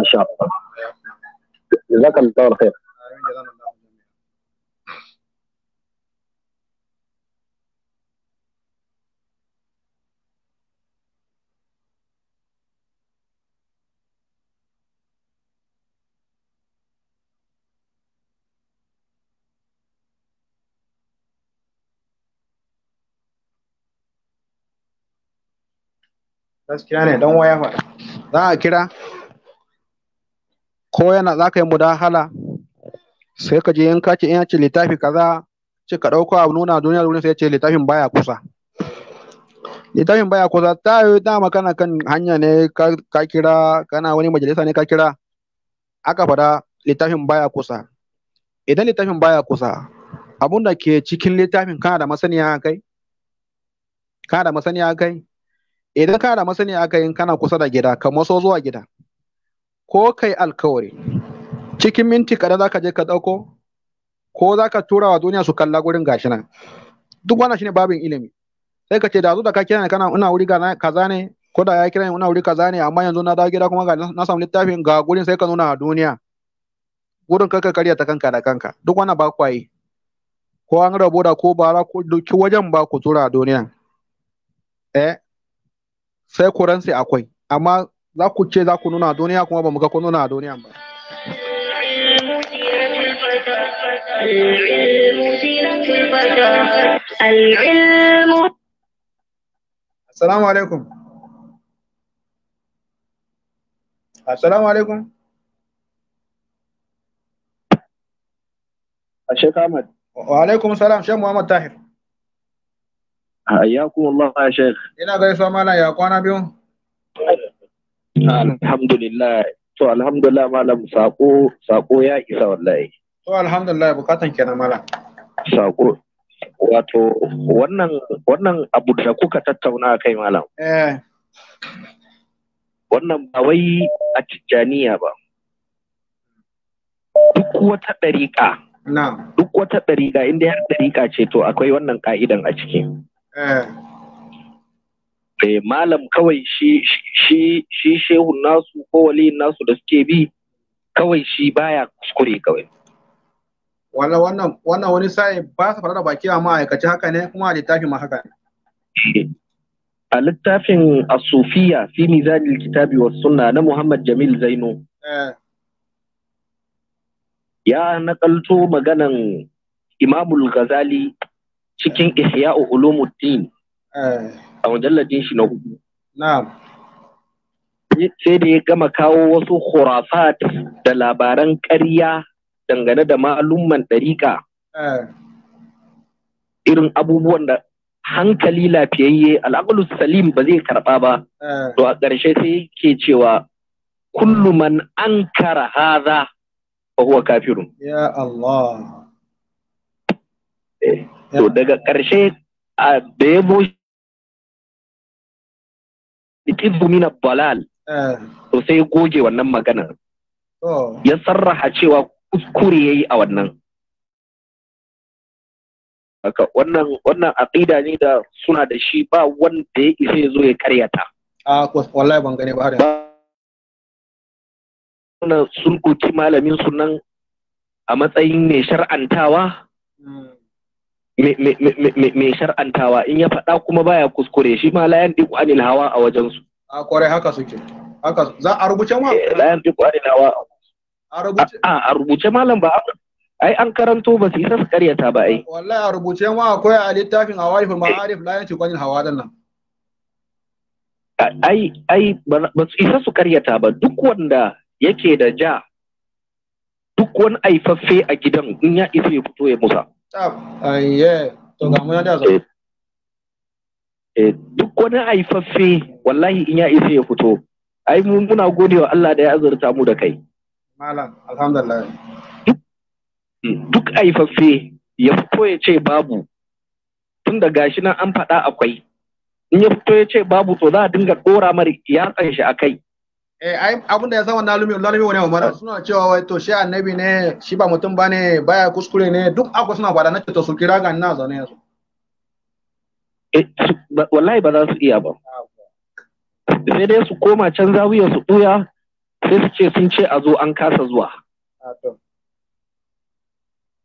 Asha. masha Allah khair amin za su kira ne dan waya fa za a kira ko yana za ka yi mudahala sai ka je in ka ce in ya ce littafi kaza ce ka ɗauko abu nuna duniya wurin sai ce littafin baya kusa littafin baya kusa ta yi dama kana kan hanya ne ka kira kana wani majalisa ne ka kira aka faɗa littafin baya kusa idan littafin baya kusa abun da ke cikin littafin kana da masaniya kai kana da masaniya kai idan ka da masani aka yin kana kusa da gida ka maso zuwa gida ko kai alkawari cikin minti kada za ka je ka ɗauko ko za ka tura wa duniya su kalla gurin gashi nan duk wannan shine babin ilimi sai ka ce da zu da ka kira kana ina wuri kaza ne ko da ya kira ina wuri kaza ne amma yanzu na dawo gida kuma ga na samu littafin ga gurin sai ka nuna a duniya gurin kanka karya ta kanka da kanka duk wannan ba kwaye ko an rabo da ko bara ko duk wajen ba ku tura a duniya eh sai kuransi akwai amma za ku ce za ku nuna duniya kuma ba mu ga ku nuna duniya ba Assalamu alaikum. Assalamu alaikum. Ashe Ahmad. Wa alaikum salam Sheikh Muhammad Tahir. حياكم الله يا شيخ ina gaisuwa malam ya kwana biyu alhamdulillah to alhamdulillah malam sako sako ya isa تو الحمد لله bukatan kenan مالا sako wato wannan wannan abu da kuka tattauna kai malam eh wannan ba wai a tijjaniya ba duk wata ɗariƙa duk wata ɗariƙa inda ya ɗariƙa ce to akwai wannan ka'idan a ciki Eh. eh malam kawai shi shi shi shehun nasu ko wali nasu da suke bi kawai shi baya kuskure kawai wala wannan wannan wani sai ba sa fara da baki amma aikace haka ne kuma a littafin ma haka ne a littafin asufiya fi mizanil kitabi was sunna na Muhammad Jamil Zaino eh. ya nakalto maganan Imamul Ghazali cikin ihya'u ulumuddin eh. a mujalladin shi na hudu sai da ya gama kawo wasu khurafat da labaran ƙarya dangane da ma'alumman ɗariƙa eh. irin abubuwan da hankali lafiyayye al'aqlu salim ba zai karɓa ba eh. to a ƙarshe sai yake cewa kullu man ankara hadha fa huwa kafirun ya Allah to daga ƙarshe a da ya bo iqiddu na balal eh. to sai goge wannan maganar ya sarraha cewa kuskure ya yi a wannan wannan wannan aƙida ne da suna da shi ba wanda ya isa ya zo ya karyata a wallahi ban gane ba har Suna sun malamin sunan a matsayin mai shar'antawa hmm. mai shar'antawa in ya faɗa kuma baya kuskure shi ma layan diku anil hawa a wajen su. A kwarai haka suke. Haka za a rubuce ma? Eh, layan diku anil hawa. A rubuce? A rubuce malam ba ai an karanto ba su isa su karyata ba ai. Wallahi a rubuce ma akwai a littafin a ifin ma'arif layan diku anil hawa dan nan. Ai ai ba su isa su karyata ba duk wanda yake da ja duk wani aifaffe a gidan in ya isa ya fito ya musa. Eh, eh, duk wani aifaffe, wallahi in ya isa ya fito ai mun muna gode Allah da ya azurta mu da kai malam alhamdulillah duk aifaffe ya fito ya ce babu tun da gashi nan an faɗa akwai in ya fito ya ce babu to za a dinga ɗora mari yatsan shi a kai Eh, ai abin da ya sa wannan alumi lalumi wani umara suna cewa wai to shi annabi ne shi ba mutum ne, baya kuskure ne duk akwai suna na nace to su kira ga ina zaune yanzu eh, wallahi ba za su iya ba sai dai su koma can zawiya su buya sai su ce sun ce a zo an kasa zuwa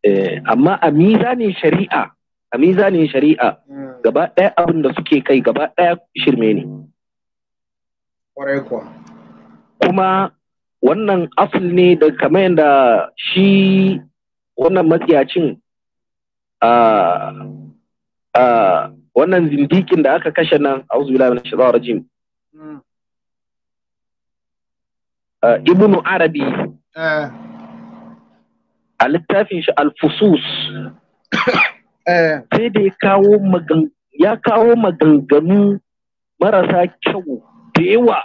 eh, amma a mizanin shari'a a mizanin shari'a hmm. gaba ɗaya abin da suke kai gaba ɗaya shirme ne kuwa kuma wannan asal ne da kamar yadda shi wannan matsiyacin wannan zindikin da aka kashe nan a uzula na shirar rajim ibnu arabi eh. a littafin shi alfusus eh. sai da ya kawo maganganu marasa kyau da yawa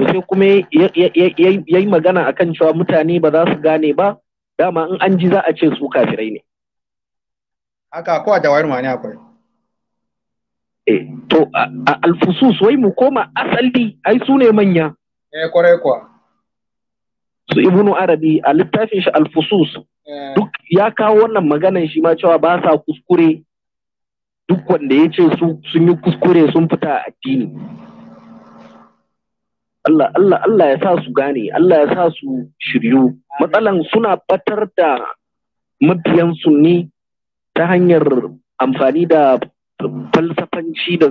to sai kuma ya yi magana akan cewa mutane ba za su gane ba dama in an ji za a ce su kafirai ne haka ko a jawahir mani akwai eh to alfusus wai mu koma asali ai su ne manya eh kwarai kuwa su ibnu arabi a littafin shi alfusus eh. duk ya kawo wannan maganan shi ma cewa ba sa kuskure duk wanda ya ce sun yi kuskure sun fita a addini Allah Allah Allah ya sa su gane Allah ya sa su shiryu matsalan suna batar da mabiyan sunni ta hanyar amfani da falsafanci da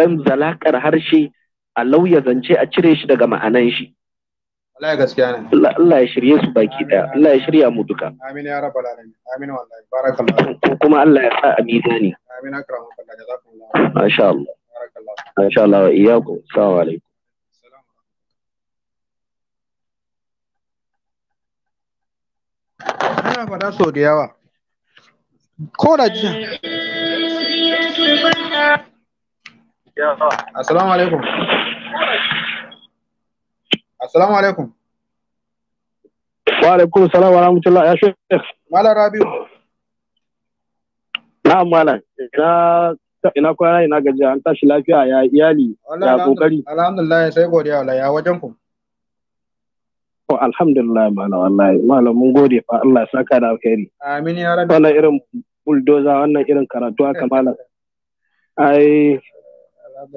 dan zalakar harshe a lauya zance a cire shi daga ma'anan shi Allah ya gaskiya ne Allah Allah ya shirye su baki daya Allah ya shirya mu duka amin ya rabbal alamin amin wallahi barakallahu ko kuma Allah ya sa a mizani amin akramu Allah jazakumullah masha Allah barakallahu masha Allah wa iyyakum assalamu alaikum Ana faɗa sau da yawa. Ko da jiya. Assalamu alaikum. Assalamu alaikum. Wa alaikum salam wa rahmatullah ya shekh. Malam Rabiu. Na'am malam. Ina ina kwana ina gajiya an tashi lafiya ya iyali ya kokari. Alhamdulillah sai godiya Allah ya wajen ku. To alhamdulillah malam wallahi malam mun gode fa Allah ya saka da alkhairi. Amin ya rabbi. Wannan irin buldoza wannan irin karatu aka malam. Ai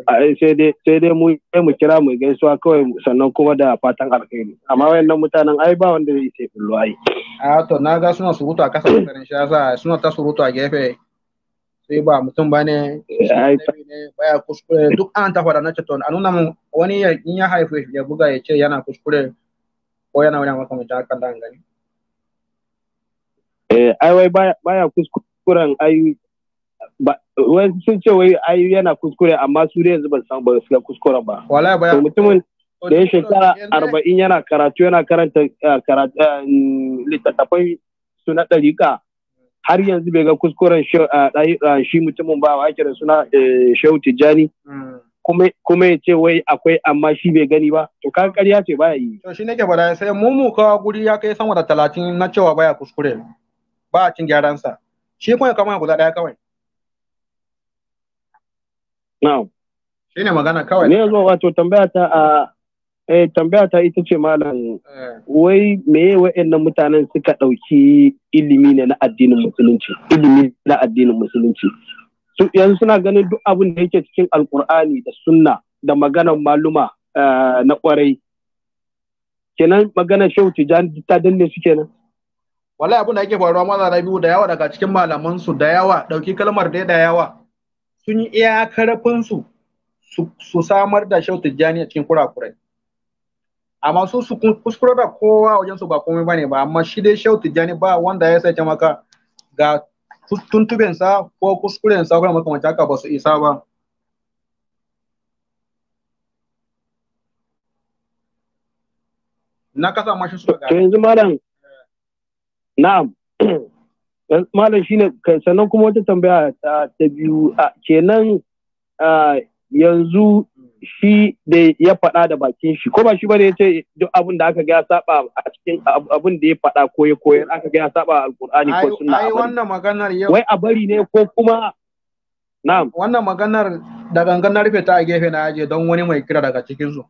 ai sai dai sai dai mu sai mu kira mu gaisuwa kawai sannan kuma da fatan alheri Amma wayannan mutanen ai ba wanda zai sai bullo ai. A to na ga suna surutu a kasa karin shasa, suna ta surutu a gefe. Sai ba mutum ba ne baya kuskure duk an ta faɗa na ce to an nuna mun wani ya haife ya buga ya ce yana kuskure ko yana wani makamanta hakan da gani eh ai wai baya kuskuren ai wai sun ce wai ai yana kuskure amma su dai yanzu ban ba su ga kuskuren ba wallahi baya mutumin da ya shekara arba'in yana karatu yana karanta eh, eh, littattafai su na ɗariƙa har yanzu bai ga kuskuren shi eh, mutumin ba wa ake suna shehu tijjani hmm. kuma ya ce wai akwai amma shi bai gani ba to ka ƙarya ce ba yi to shi nake bada sai mu ka guri ya kai sama da talatin na cewa baya kuskure ba a cin gyaran sa shi kuma ya kama guda ɗaya kawai na'am ne magana kawai ne zo wato tambaya ta a eh tambaya ta ita ce malam eh. wai meye wa'annan mutanen suka ɗauki ilimi ne na addinin musulunci ilimi na addinin musulunci su yanzu suna ganin duk abin da yake cikin alkur'ani da sunna da maganar maluma eh, na kwarai kenan maganar shehu tijani ta danne su kenan wallahi abin da yake faruwa maza na biyu da yawa daga cikin malaman su da yawa dauki kalmar da da yawa sun yi iya karafin su su samar da shehu tijani a cikin kurakurai amma su su kuskure da kowa wajen su ba komai bane ba amma shi dai shehu tijani ba wanda ya sace maka ga tuntubensa ko kuskurensa ko makamanci haka ba su isa ba na kasa mashi suka ga yanzu malam na'am malam shine sannan kuma wata tambaya ta biyu kenan yanzu shi da ya faɗa da bakin shi ko ba shi bane ce duk abin da aka ga saba a cikin abin da ya faɗa ko ya koyar aka ga ya saba alqur'ani ko sunna ai wannan maganar yau wai a bari ne ko kuma na'am wannan maganar da gangan rufe ta a gefe na yaje don wani mai kira daga cikin su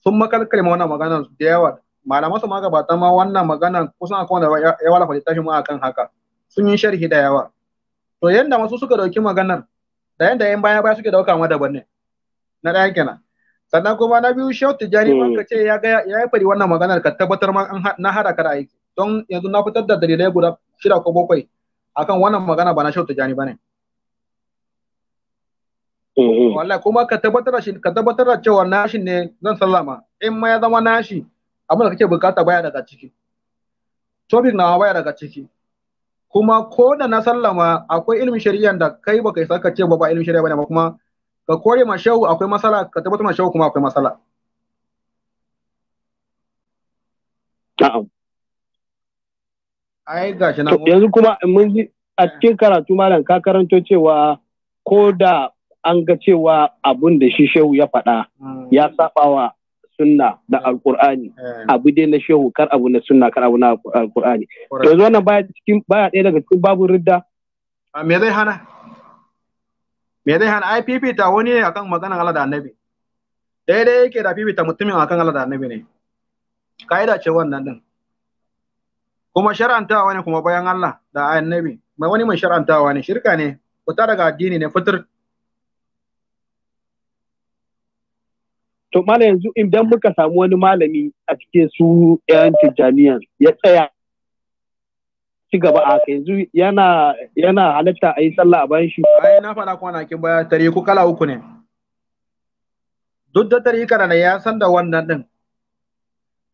sun makalkale ma wannan maganar da yawa malaman su ma gabata ma wannan maganar kusan akwai wanda ya wala tashi ma akan haka sun yi sharhi da yawa to yanda masu suka dauki maganar da yanda yan baya baya suke dauka ma daban ne na ɗaya kenan sannan kuma na biyu shehu tijjani ma hmm. ka ce ya ga ya fari wannan maganar ka tabbatar ma na hada ka da aiki don yanzu na fitar da dalilai guda shida ko bakwai akan wannan magana ba na shehu tijjani ba ne. Hmm. wallahi kuma ka tabbatar da shi ka tabbatar da cewa nashi ne zan sallama in ma ya zama nashi abin da kake bukata baya daga ciki topic na baya daga ciki kuma ko da na sallama akwai ilimin shari'a da kai baka isa ka ce ba ba ilimin shari'a bane ba kuma ka kore ma shehu akwai matsala ka tabbatar ma shehu kuma akwai matsala ai gashi na yanzu kuma mun ji a eh. cikin karatu malam ka karanto cewa ko da an ga cewa abun da shi shehu ya faɗa hmm. ya sabawa sunna da hmm. alkur'ani eh. abu dai na shehu kar abu na sunna kar abu na alkur'ani to yanzu wannan baya cikin baya ɗaya daga cikin babu ridda ah, me zai hana me zai hana ai fifita wani ne akan maganar Allah da annabi daidai yake da fifita mutumin akan Allah da annabi ne ka'ida ce wannan din kuma shar'antawa ne kuma bayan Allah da annabi mai wani mai shar'antawa ne shirka ne fita daga addini ne fitar to mala yanzu idan muka samu wani malami a cikin su yan tijaniyan ya tsaya ci gaba a yanzu yana yana halatta a yi sallah a bayan shi. Ai na faɗa kin baya tare ku kala uku ne. Duk da tare kana ya san da wannan din.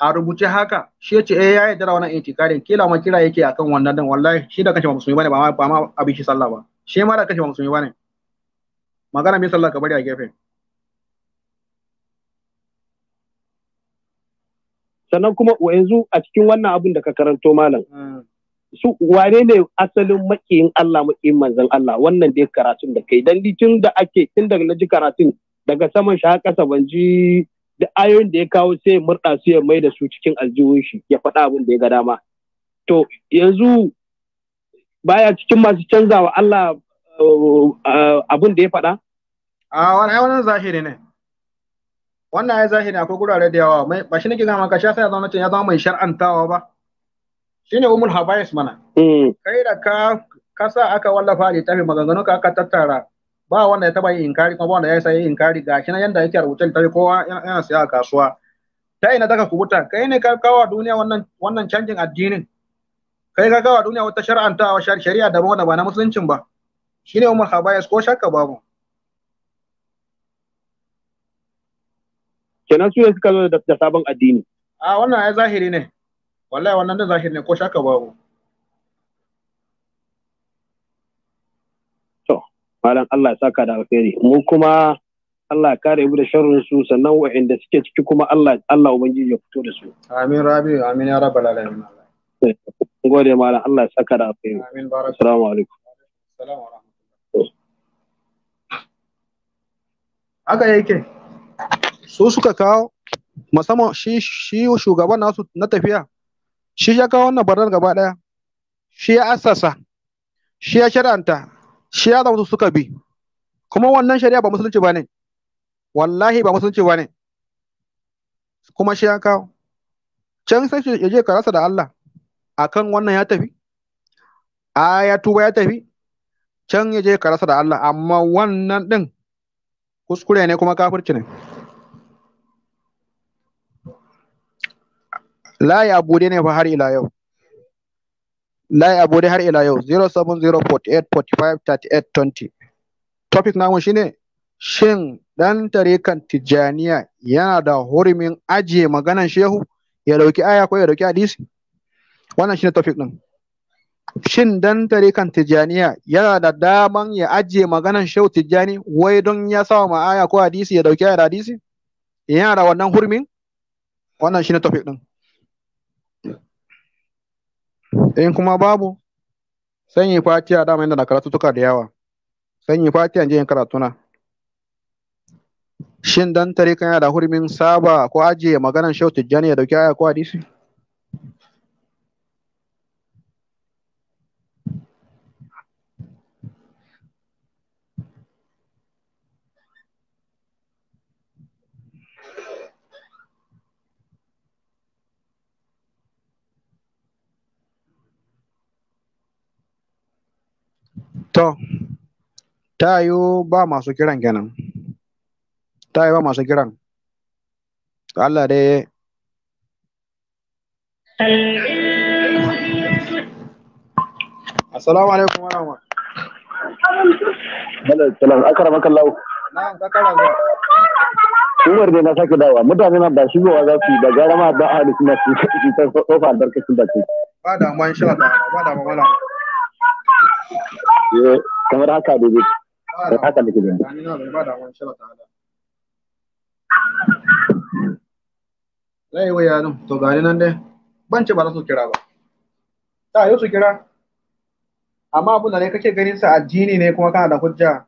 A rubuce haka shi ya ce eh ya yarda da wannan intikarin kila ma kira yake akan wannan din wallahi shi da kace ba musulmi bane ba ma ba ma abin shi sallah ba. Shi ma da kace ba musulmi bane. Magana mai sallah ka bari a gefe. Sannan kuma yanzu a cikin wannan abin da ka karanto malam. Hmm. su wane ne asalin makiyin Allah makiyin manzon Allah wannan dai karatun da kai dan tun da ake tun daga na ji karatun daga saman shi kasa, ban ji da ayoyin da ya kawo sai murda su ya mai da su cikin aljihun shi ya faɗa abin da ya ga dama to yanzu baya cikin masu canzawa Allah uh, uh, abin da ya faɗa a wannan wannan zahiri ne wannan ai zahiri akwai gurare da yawa ba shi nake ga maka shafi ya zama ya zama mai shar'antawa ba shine umul habayis mana hmm. kai da ka kasa aka wallafa da tafi maganganun ka aka tattara ba wanda ya taba yin inkari kuma ba wanda ya sai inkari ga shi na yanda yake rubuta tafi, kowa yana siya a kasuwa ta ina daga kubuta kai ne ka kawo duniya wannan wannan canjin addinin kai ka kawo duniya wata shari'antawa, shari'a daban wanda ba na musuluncin ba shine umul habayis ko shakka babu kenan su ne suka zo da sabon addini a wannan ya zahiri ne wallahi wannan da zahir ne ko shaka babu to malam Allah ya saka da alkhairi mu kuma Allah ya kare mu da sharrin su sannan wa'anda suke ciki kuma Allah Allah ubangiji ya fito da su amin rabi amin ya rabbal alamin gode malam Allah ya saka da alkhairi amin baraka assalamu alaikum haka yake su suka kawo musamman shi shugaban nasu na tafiya shi ya kawo wannan barnar gaba ɗaya shi ya assasa shi ya shari'anta shi ya zama suka bi kuma wannan shari'a ba musulunci ba ne wallahi ba musulunci ba ne kuma shi ya kawo can sai ya je karasa da Allah akan wannan ya tafi a ya tuba ya tafi can ya je karasa da Allah amma wannan din kuskure ne kuma kafirci ne layi a bude ne fa har ila yau layi a bude har ila yau 07048453820 topic namu shine shin dan tarikan tijaniya yana da hurumin ajiye maganan shehu ya dauki aya ko ya dauki hadisi wannan shine topic din shin dan tarikan tijaniya yana da daman ya ajiye maganan shehu tijani wai don ya sawa ma aya ko hadisi ya dauki aya da hadisi yana da wannan hurumin wannan shine topic din in kuma babu sanyi fatiya dama yana karatu tuka da yawa Sanyi fatiya je yin karatuna shin dan tare yana da hurumin saba ko ajiye maganan shautu tijjani ya dauki aya ko hadisi To, ta yiwu ba masu kiran kenan. Ta yiwu ba masu kiran. Allah dai. ya Assalamu alaikum wa rahama. Bala salam, akara lau. Na'am, ka kara zuwa. Umar dai na sake dawa, mutane na ba shi shigowa za su yi da gara ma da ahli suna su yi ta tsofa albarkacin da ke. Ba damuwa insha Allah, ba damuwa wala. Eh, kamar haka da da haka da ke da zai wa yaron to gani nan dai ban ce ba za su kira ba ta yau su kira amma abu da ne kake ganin sa addini ne kuma kana da hujja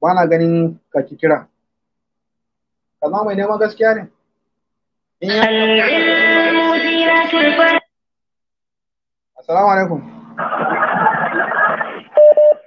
ba na ganin ka ki kira ka zama mai neman gaskiya ne Assalamu alaikum.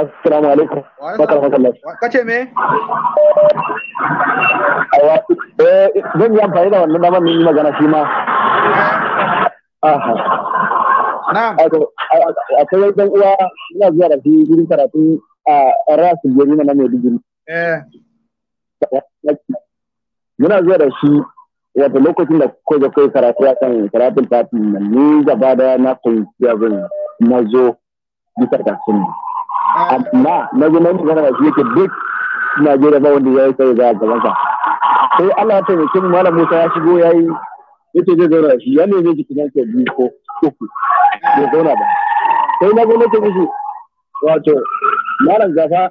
Assalamu alaikum. Kace me? Eh, zan yi amfani da wannan damar magana shi ma. Eh. A kai yau dan uwa ina zuwa da shi gurin karatu a su biyar na mai digiri. Eh. zuwa da shi wato lokacin da ko da kai karatu a kan karatun fatin nan ni gaba da na fahimci abin na zo bisa kasuwa amma na zo na magana da shi yake duk Najeriya ba wanda ya yi sai za a gaba sa sai Allah ya taimake mu malam Musa ya shigo ya yi yace zai zauna shi ya nemi nan ke biyu ko uku ya zauna ba sai na zo na ce mishi wato malam zafa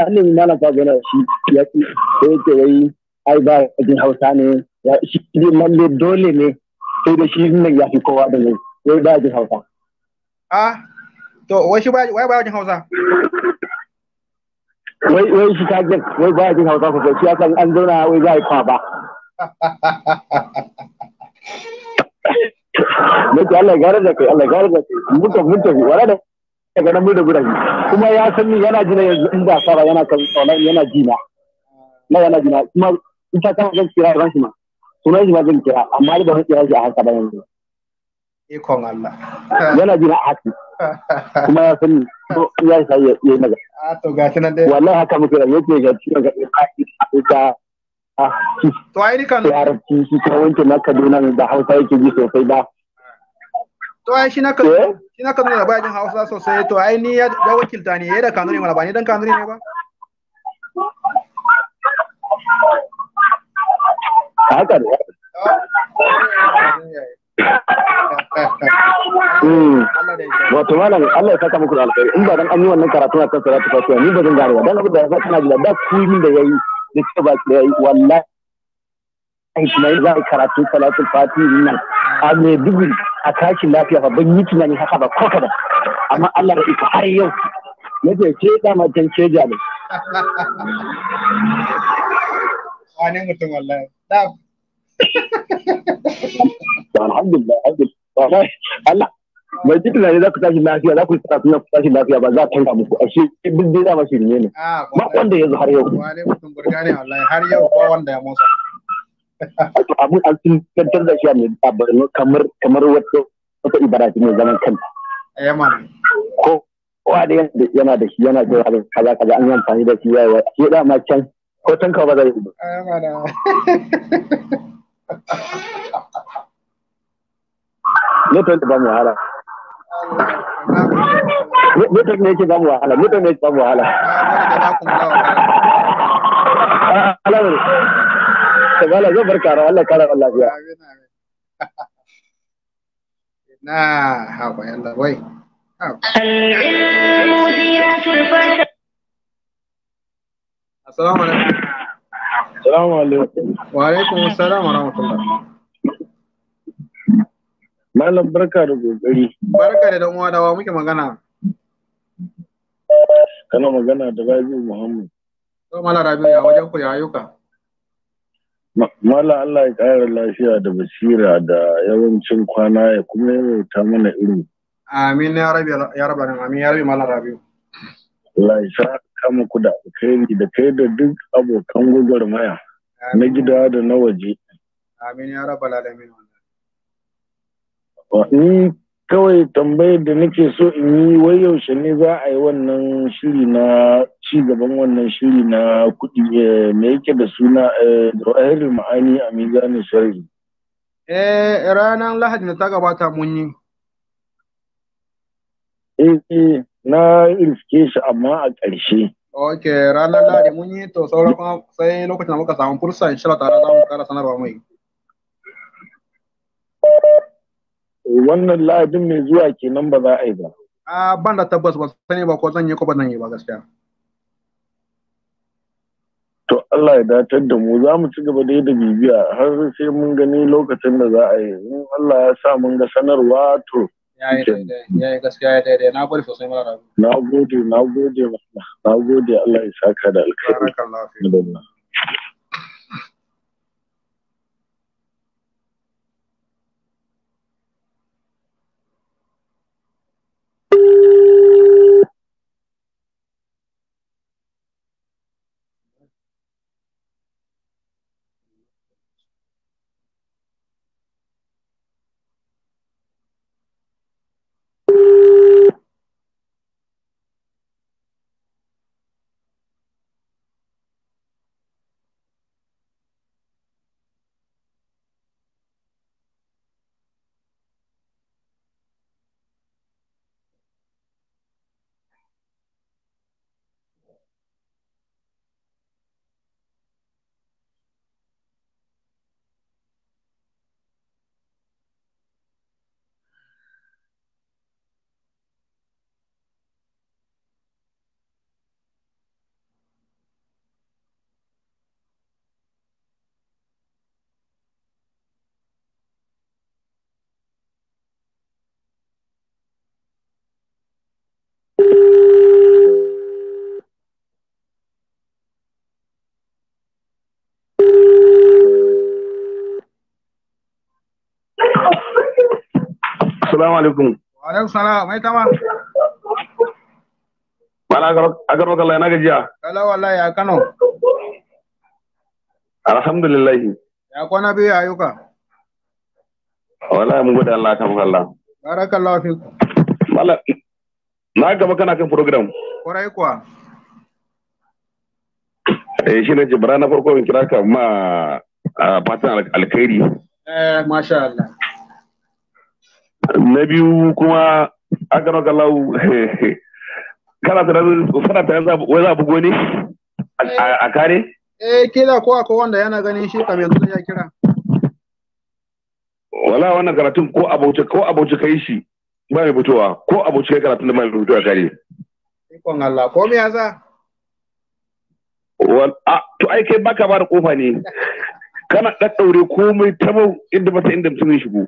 an nemi malam fa zauna shi ya ki sai yace wai ai ba a jin Hausa ne ya shi lalle dole ne sai da shi nan ya fi kowa da yau wai ba jin hausa a to wai shi wai ba jin hausa wai wai shi ta jin wai ba jin hausa ko shi akan an zauna wai za a yi kwa ba Nake Allah ya gara da kai, Allah ya gara da kai, muka mun tafi, wara da daga nan da gurabi. Kuma ya san ni yana jina yanzu in ba sara yana kan yana jina. Na yana jina, kuma in ta kama zan kira ran shi ma. sunan shi ma zan kira amma ba zan kira shi a haka ba yanzu ikon Allah yana jira a haka kuma ya sani ko ya sa ya yi maza ah, to ga tunan dai wallahi haka muke da yake ga shi ga ka to ai kan yarabci shi ta wanke na Kaduna da Hausa yake ji sosai ba to ai shi na Kaduna eh? shi na Kaduna ba jin Hausa sosai to ai ni ya wakilta ne ya da Kanuri mana ba ni dan Kanuri ne ba haka ne hmm. wato malam Allah ya saka muku da alkhairi in ba dan an yi wannan karatu akan salatu fatiha ni ba zan gane ba dan abin da ya saka na gida da kuyin da yayi da ce ba da yayi wallahi Ismail za a karatu salatu fatiha nan a mai duburi a tashin lafiya ba ban yi tunani haka ba ko kada amma Allah ya isa har yau yace ce da matan ce jale wani mutum wallahi na'am alhamdulillah alhamdulillah Allah mai a tanka muku abin an tantar da shi a mai tabarno kamar kamar wata wata ibara ce mai zaman kanta ko kowa da yana da shi yana da kaza kaza an yi amfani da shi yawa shi can ko tanka ba zai ba network ba mu wahala network ne yake ba mu wahala network ne yake ba mu wahala ah, alamar tabala zai barka ra Allah kara Allah biya na hawa yalla wai العلم زينة الفتى Assalamu alaikum. Wa alaikum assalam Malam barka da kokari. Barka da dan da wa muke magana. Kana magana da Rabi'u Muhammad. To Malam Rabi'u ya wajen ku ya Mala Allah ya ƙara lafiya da basira da yawancin kwana ya kuma yawaita mana iri. Amin ya rabi ya amin ya rabi mala rabi. saka muku da alkhairi da kai da duk abokan gwagwarmaya na gida da na waje. Amin ya lalamin Ni kawai tambayar da nake so in yi wai yaushe ne za a yi wannan shiri na ci gaban wannan shiri na kuɗi eh, me yake da suna Jawahirul eh, Ma'ani a Mizanin Shari'i. Eh ranar Lahadi da ta gabata mun yi. Eh, na riske shi amma a ƙarshe. Ok, ranar Ladi mun yi to sauran kuma sai lokacin da muka samu fursa in shirya tare za mu kara sanarwa mai. Wannan Ladin mai zuwa kenan ba za a yi ba. A ban da tabbas ba sani ba ko zan yi ko ba zan yi ba gaskiya. To Allah ya datar da mu za mu ci gaba dai da bibiya har sai mun gani lokacin da za a yi. Allah ya sa mun ga sanarwa to. gaskiya ya daidai na gode na gode na gode na gode Allah ya saka da alkhairi assalamu alaikum wa alaikum salam mai tama Mala agar maka Allah na gajiya. Kala wallahi ya Kano. Alhamdulillah. Ya kwana biyu ayyuka. Wallahi mun gode Allah ta kan Allah. Barakallahu fiku. Mala na gaba kana kan program. Kwarai kuwa. Eh shi ne Jibra na farko in kira ka ma a ah, fatan alka'iri. Eh masha Allah. na biyu kuma an gano galau kana rabin sana ta wai za a bugo ne a kare? eh kila ko akwai wanda yana ganin shi kam yanzu ya kira wala wannan karatun ko abuce ko abuci kai shi ba mai fitowa ko abuci kai karatun da mai fitowa kare ikon Allah ko me yasa wal a to ai kai baka ba da kofa ne kana daddaure komai ta inda ba ta inda mutum shigo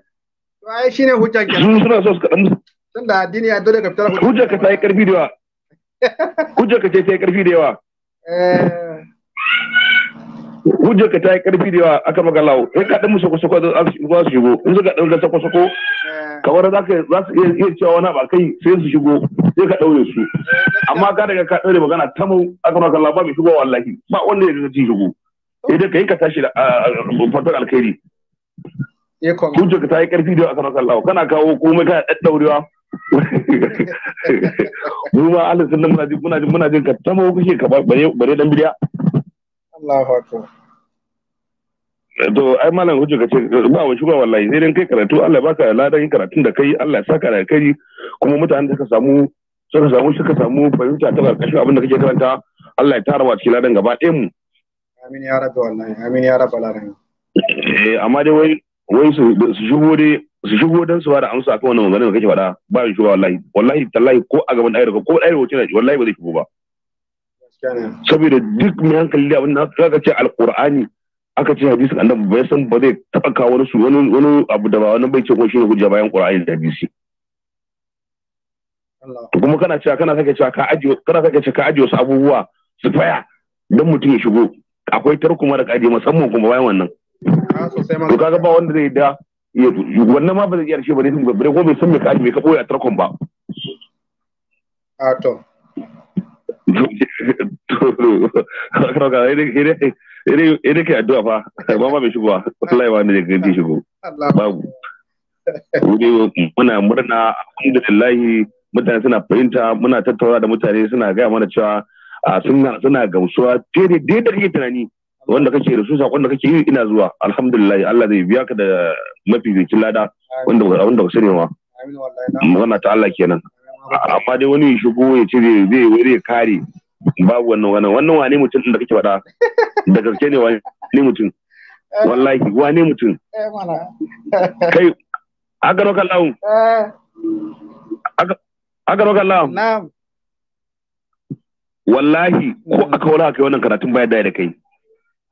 ai shine hujjan ka suna so su kadan tun da addini ya dole ka fitar hujjan ka sai karfi da yawa hujjan ka ce sai karfi da yawa eh hujjar ka ta yi karfi da yawa aka maka lawo in ka dan musu kusa ko za su shigo in suka dauka ta kusa ko kamar za su iya cewa wani ba kai sai su shigo sai ka daure su amma ka daga ka daure magana ta mu aka maka lawo ba mai shigo wallahi ba wanda ya ga shigo idan ka yi ka tashi da fatar alkhairi hujjar ta yi ƙarfi da aka rasa Allah kana kawo komai kana daddaurewa mu ma Allah sun muna jin muna jin muna jin ka ta mu kuke ka bare dan bidiya Allah akbar to ai malam hujja kace ba wa shugaba wallahi sai dan kai karatu Allah baka ladan karatun da kai Allah saka da kai kuma mutanen da suka samu suka samu suka samu fahimta ta karkashin abin da kake karanta Allah ya tarawa cikin ladan gaba ɗayan mu amin ya rabbi wallahi amin ya rabbi alamin eh amma dai wai wai su shigo dai su shigo dan su ba da amsa akan wannan maganar da kake faɗa ba shi ba wallahi wallahi tallahi ko a gaban ɗaya ko ɗaya wace ne wallahi ba zai shigo ba saboda duk mai hankali da abin da aka ce alqur'ani aka ce hadisin annabi bai san ba zai taɓa kawo wani su wani wani abu da ba wani bai ce ko ne hujja bayan qur'ani da hadisi kuma kana cewa kana sake cewa ka ajiye kana sake cewa ka ajiye wasu abubuwa su faya dan mutum ya shigo akwai tarkuma da kaje musamman kuma bayan wannan Ah, to kaga ba wanda zai da wannan ma ba zai iya shi ba ne sun gabbare ko bai san me ka me ka boye a tarkon ba a ah, to Ere ke addu'a fa, ba ma mai shigowa, wallahi ne da gani shigo. Babu. Muna murna, alhamdulillahi mutane suna fahimta, muna tattaunawa da mutane suna gaya mana cewa ah, suna gamsuwa, daidai da kake tunani. wanda kake da su sakon da kake yi ina zuwa alhamdulillah Allah zai biya ka da mafificin lada wanda wanda ka sani ma magana ta Allah kenan amma dai wani shigo ya ce zai wani kare babu wannan wannan wannan wane mutum da kake faɗa da gaske ne wani mutum eh. wallahi wane mutum eh, kai aka roka eh. lawun aka roka lawun wallahi ko aka wala kai wannan karatun baya da kai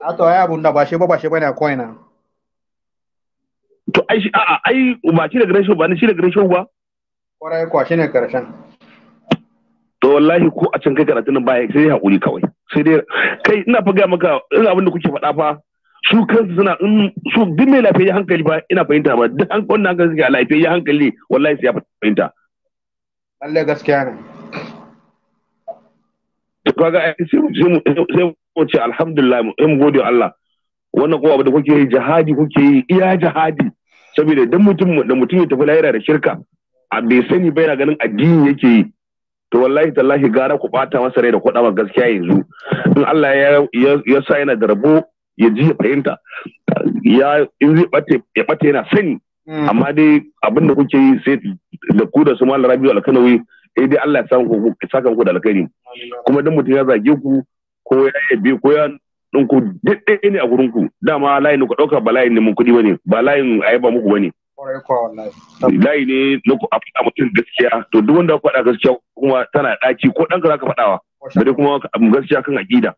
a to ai abun da ba shi ba ba shi bane a koina to ai shi a'a ai ba shi da gare shi ba ne shi da gare ba kwarai kwa shi ne karshen to wallahi ko a can kai karatun baya sai dai hakuri kawai sai dai kai ina faga ga maka ina abin da kuke faɗa fa su kansu suna in su duk mai lafiyayyen hankali ba ina fahimta ba duk wannan hankali suke a lafiyayyen hankali wallahi sai ya fahimta Allah gaskiya ne to kaga sai mu mu ce alhamdulillah mu eh, mu gode Allah wannan kowa da kuke yi jihadi kuke yi iya jihadi saboda idan mutum da mutum ya tafi lahira da shirka a bai sani ba na ganin addini yake yi to wallahi tallahi gara ku bata masa rai da kuɗa gaskiya yanzu in Allah ya sa yana da rabo ya ji ya fahimta ya in zai bate ya bate yana sani hmm. amma dai abin da kuke yi sai da ku da su malam Rabiu Alkanawi eh dai Allah ya saka ku da alkhairi kuma dan mutum ya zage ku ko ya yi biyu ko ya ɗinku daɗe ne a gurin ku dama layin ku ɗauka ba layin neman kuɗi bane ba layin a yaba muku bane layi ne na ku a faɗa mutum gaskiya to duk wanda faɗa gaskiya kuma tana ɗaki ko ɗan ka zaka faɗawa bari kuma gaskiya kan aƙida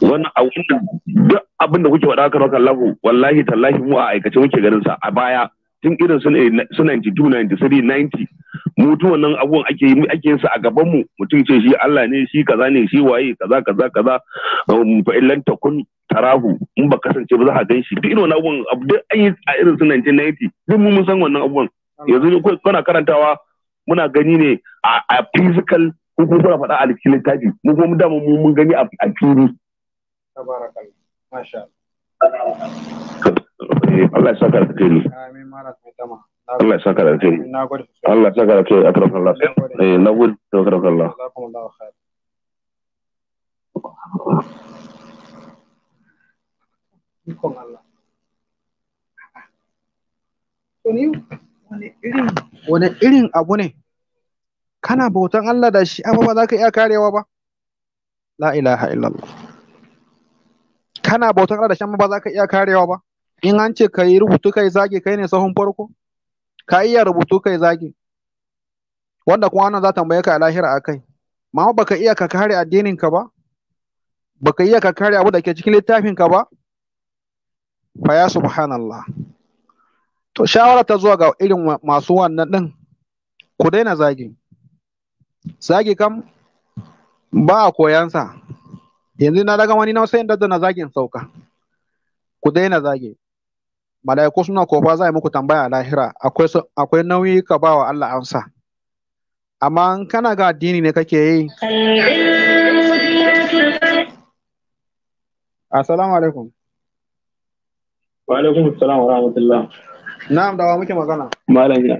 wannan a wannan duk abin da kuke faɗa kan lafu wallahi tallahi mu a aikace muke garinsa sa a baya tun irin su 92 93 90 mutu wannan abubuwan ake yi ake yin a gaban mu mutum ce shi Allah ne shi kaza ne shi waye kaza kaza kaza um, fa illan takun tarahu in ba kasance ba za ka gan shi duk irin wannan abubuwan abu duk an yi a irin su 1990 duk mun san wannan abubuwan yanzu kana karantawa muna gani ne a physical ko kuma kuna faɗa a cikin littafi mu kuma mun dama mun gani a fili Eh, Allah ya saka da kai Allah ya saka da kai. Allah ya saka da kai Allah. Eh na gode Allah. Allah. wani irin abu ne kana bautan Allah da shi amma ba za ka iya karewa ba la ilaha illallah kana bautan Allah da shi amma ba za ka iya karewa ba in an ce ka yi rubutu kai zage kai ne sahun farko ka iya rubutu kai zage wanda kuma wannan za ta tambaye ka a lahira a kai ma baka iya ka kare addinin ka ba baka iya ka kare abu da ke cikin littafin ka ba fa ya subhanallah to shawara ta zuwa ga irin masu wannan din ku daina zagi zagi kam ba a koyansa yanzu na daga wani na sai da na zagin sauka ku daina zagi mala'iku suna kofa za a yi muku tambaya a lahira akwai nauyi ka ba wa Allah amsa amma in kana ga addini ne kake yi assalamu alaikum wa alaikum assalam wa rahmatullah na'am dawa wa muke magana malam ya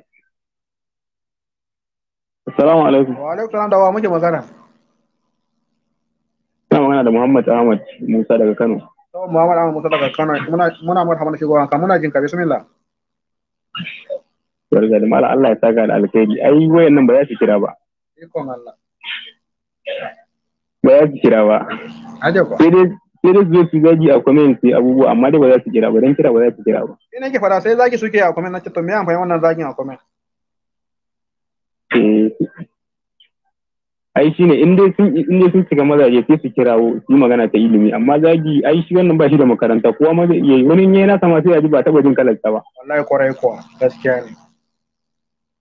assalamu alaikum wa alaikum assalam da wa muke magana Na magana da Muhammad Ahmad Musa daga Kano Tawon Muhammad Ahmad Musa daga Kano muna marhaba da shigowa kan muna jin ka bismillah. Barka da mala Allah ya saka da alkhairi ai wayannan ba za su kira ba. Ikon Allah. Ba za su kira ba. Aje ko. Sai dai sai su zagi a comment sai abubuwa amma dai ba za su kira ba dan kira ba za su kira ba. Sai nake fara sai zagi suke a comment nace to me amfani wannan zagin a comment. Eh, ai ne in dai sun in dai sun shiga mazaje sai su kirawo su yi magana ta ilimi amma zagi ai shi wannan ba shi da makaranta kowa ma zai iya wani yayi nasa sama sai ya ji ba taba jin kalarsa ba wallahi kwarai kuwa gaskiya ne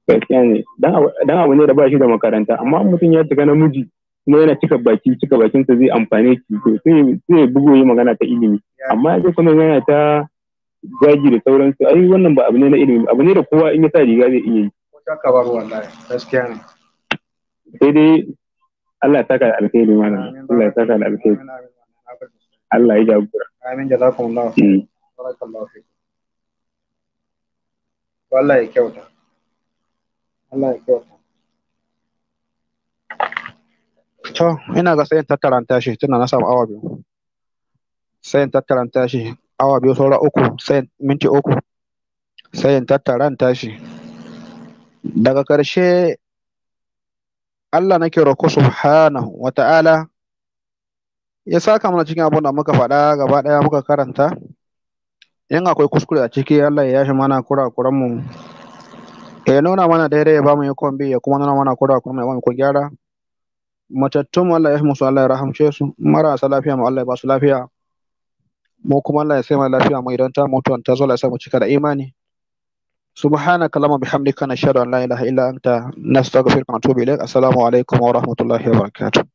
gaskiya ne dan abu ne da ba shi da makaranta amma mutum ya shiga namiji kuma yana cika baki cika sa zai amfane shi to sai sai yi magana ta ilimi amma ya kuma yana ta zagi da sauransu ai wannan ba abu ne na ilimi abu ne da kowa in ya sa riga zai iya yi ko ta ba wallahi gaskiya ne sai dai Allah ya saka da alkhairi mana, Allah ya saka da alkhairi Allah ya jagora amin jazakumullahu khairan hmm. barakallahu fikum Allah ya kyauta Allah ya kyauta to ina ga sayin tattaranta shi tunda na samu awa biyu sayin tattaranta shi awa biyu saura uku sayin minti uku sayin tattaranta shi daga ƙarshe Allah nake roƙo subhanahu wa ta'ala ya saka mana cikin abin da muka faɗa gaba ɗaya muka karanta yin akwai kuskure a ciki Allah ya yashi mana kurakuran mu ya nuna mana daidai ya ba mu yakon bi ya kuma nuna mana kurakuran mu ya ba mu kun gyara matattun Allah ya musu Allah ya rahamce su marasa lafiya mu Allah ya ba su lafiya mu kuma Allah ya sai mana lafiya mu idan ta mutuwan ta zo Allah ya sa mu cika da imani subhanaka allahumma a nashhadu an la ilaha illa anta nastaghfiruka wa natubu ilaik assalamu alaikum wa rahmatullahi wa barakatuh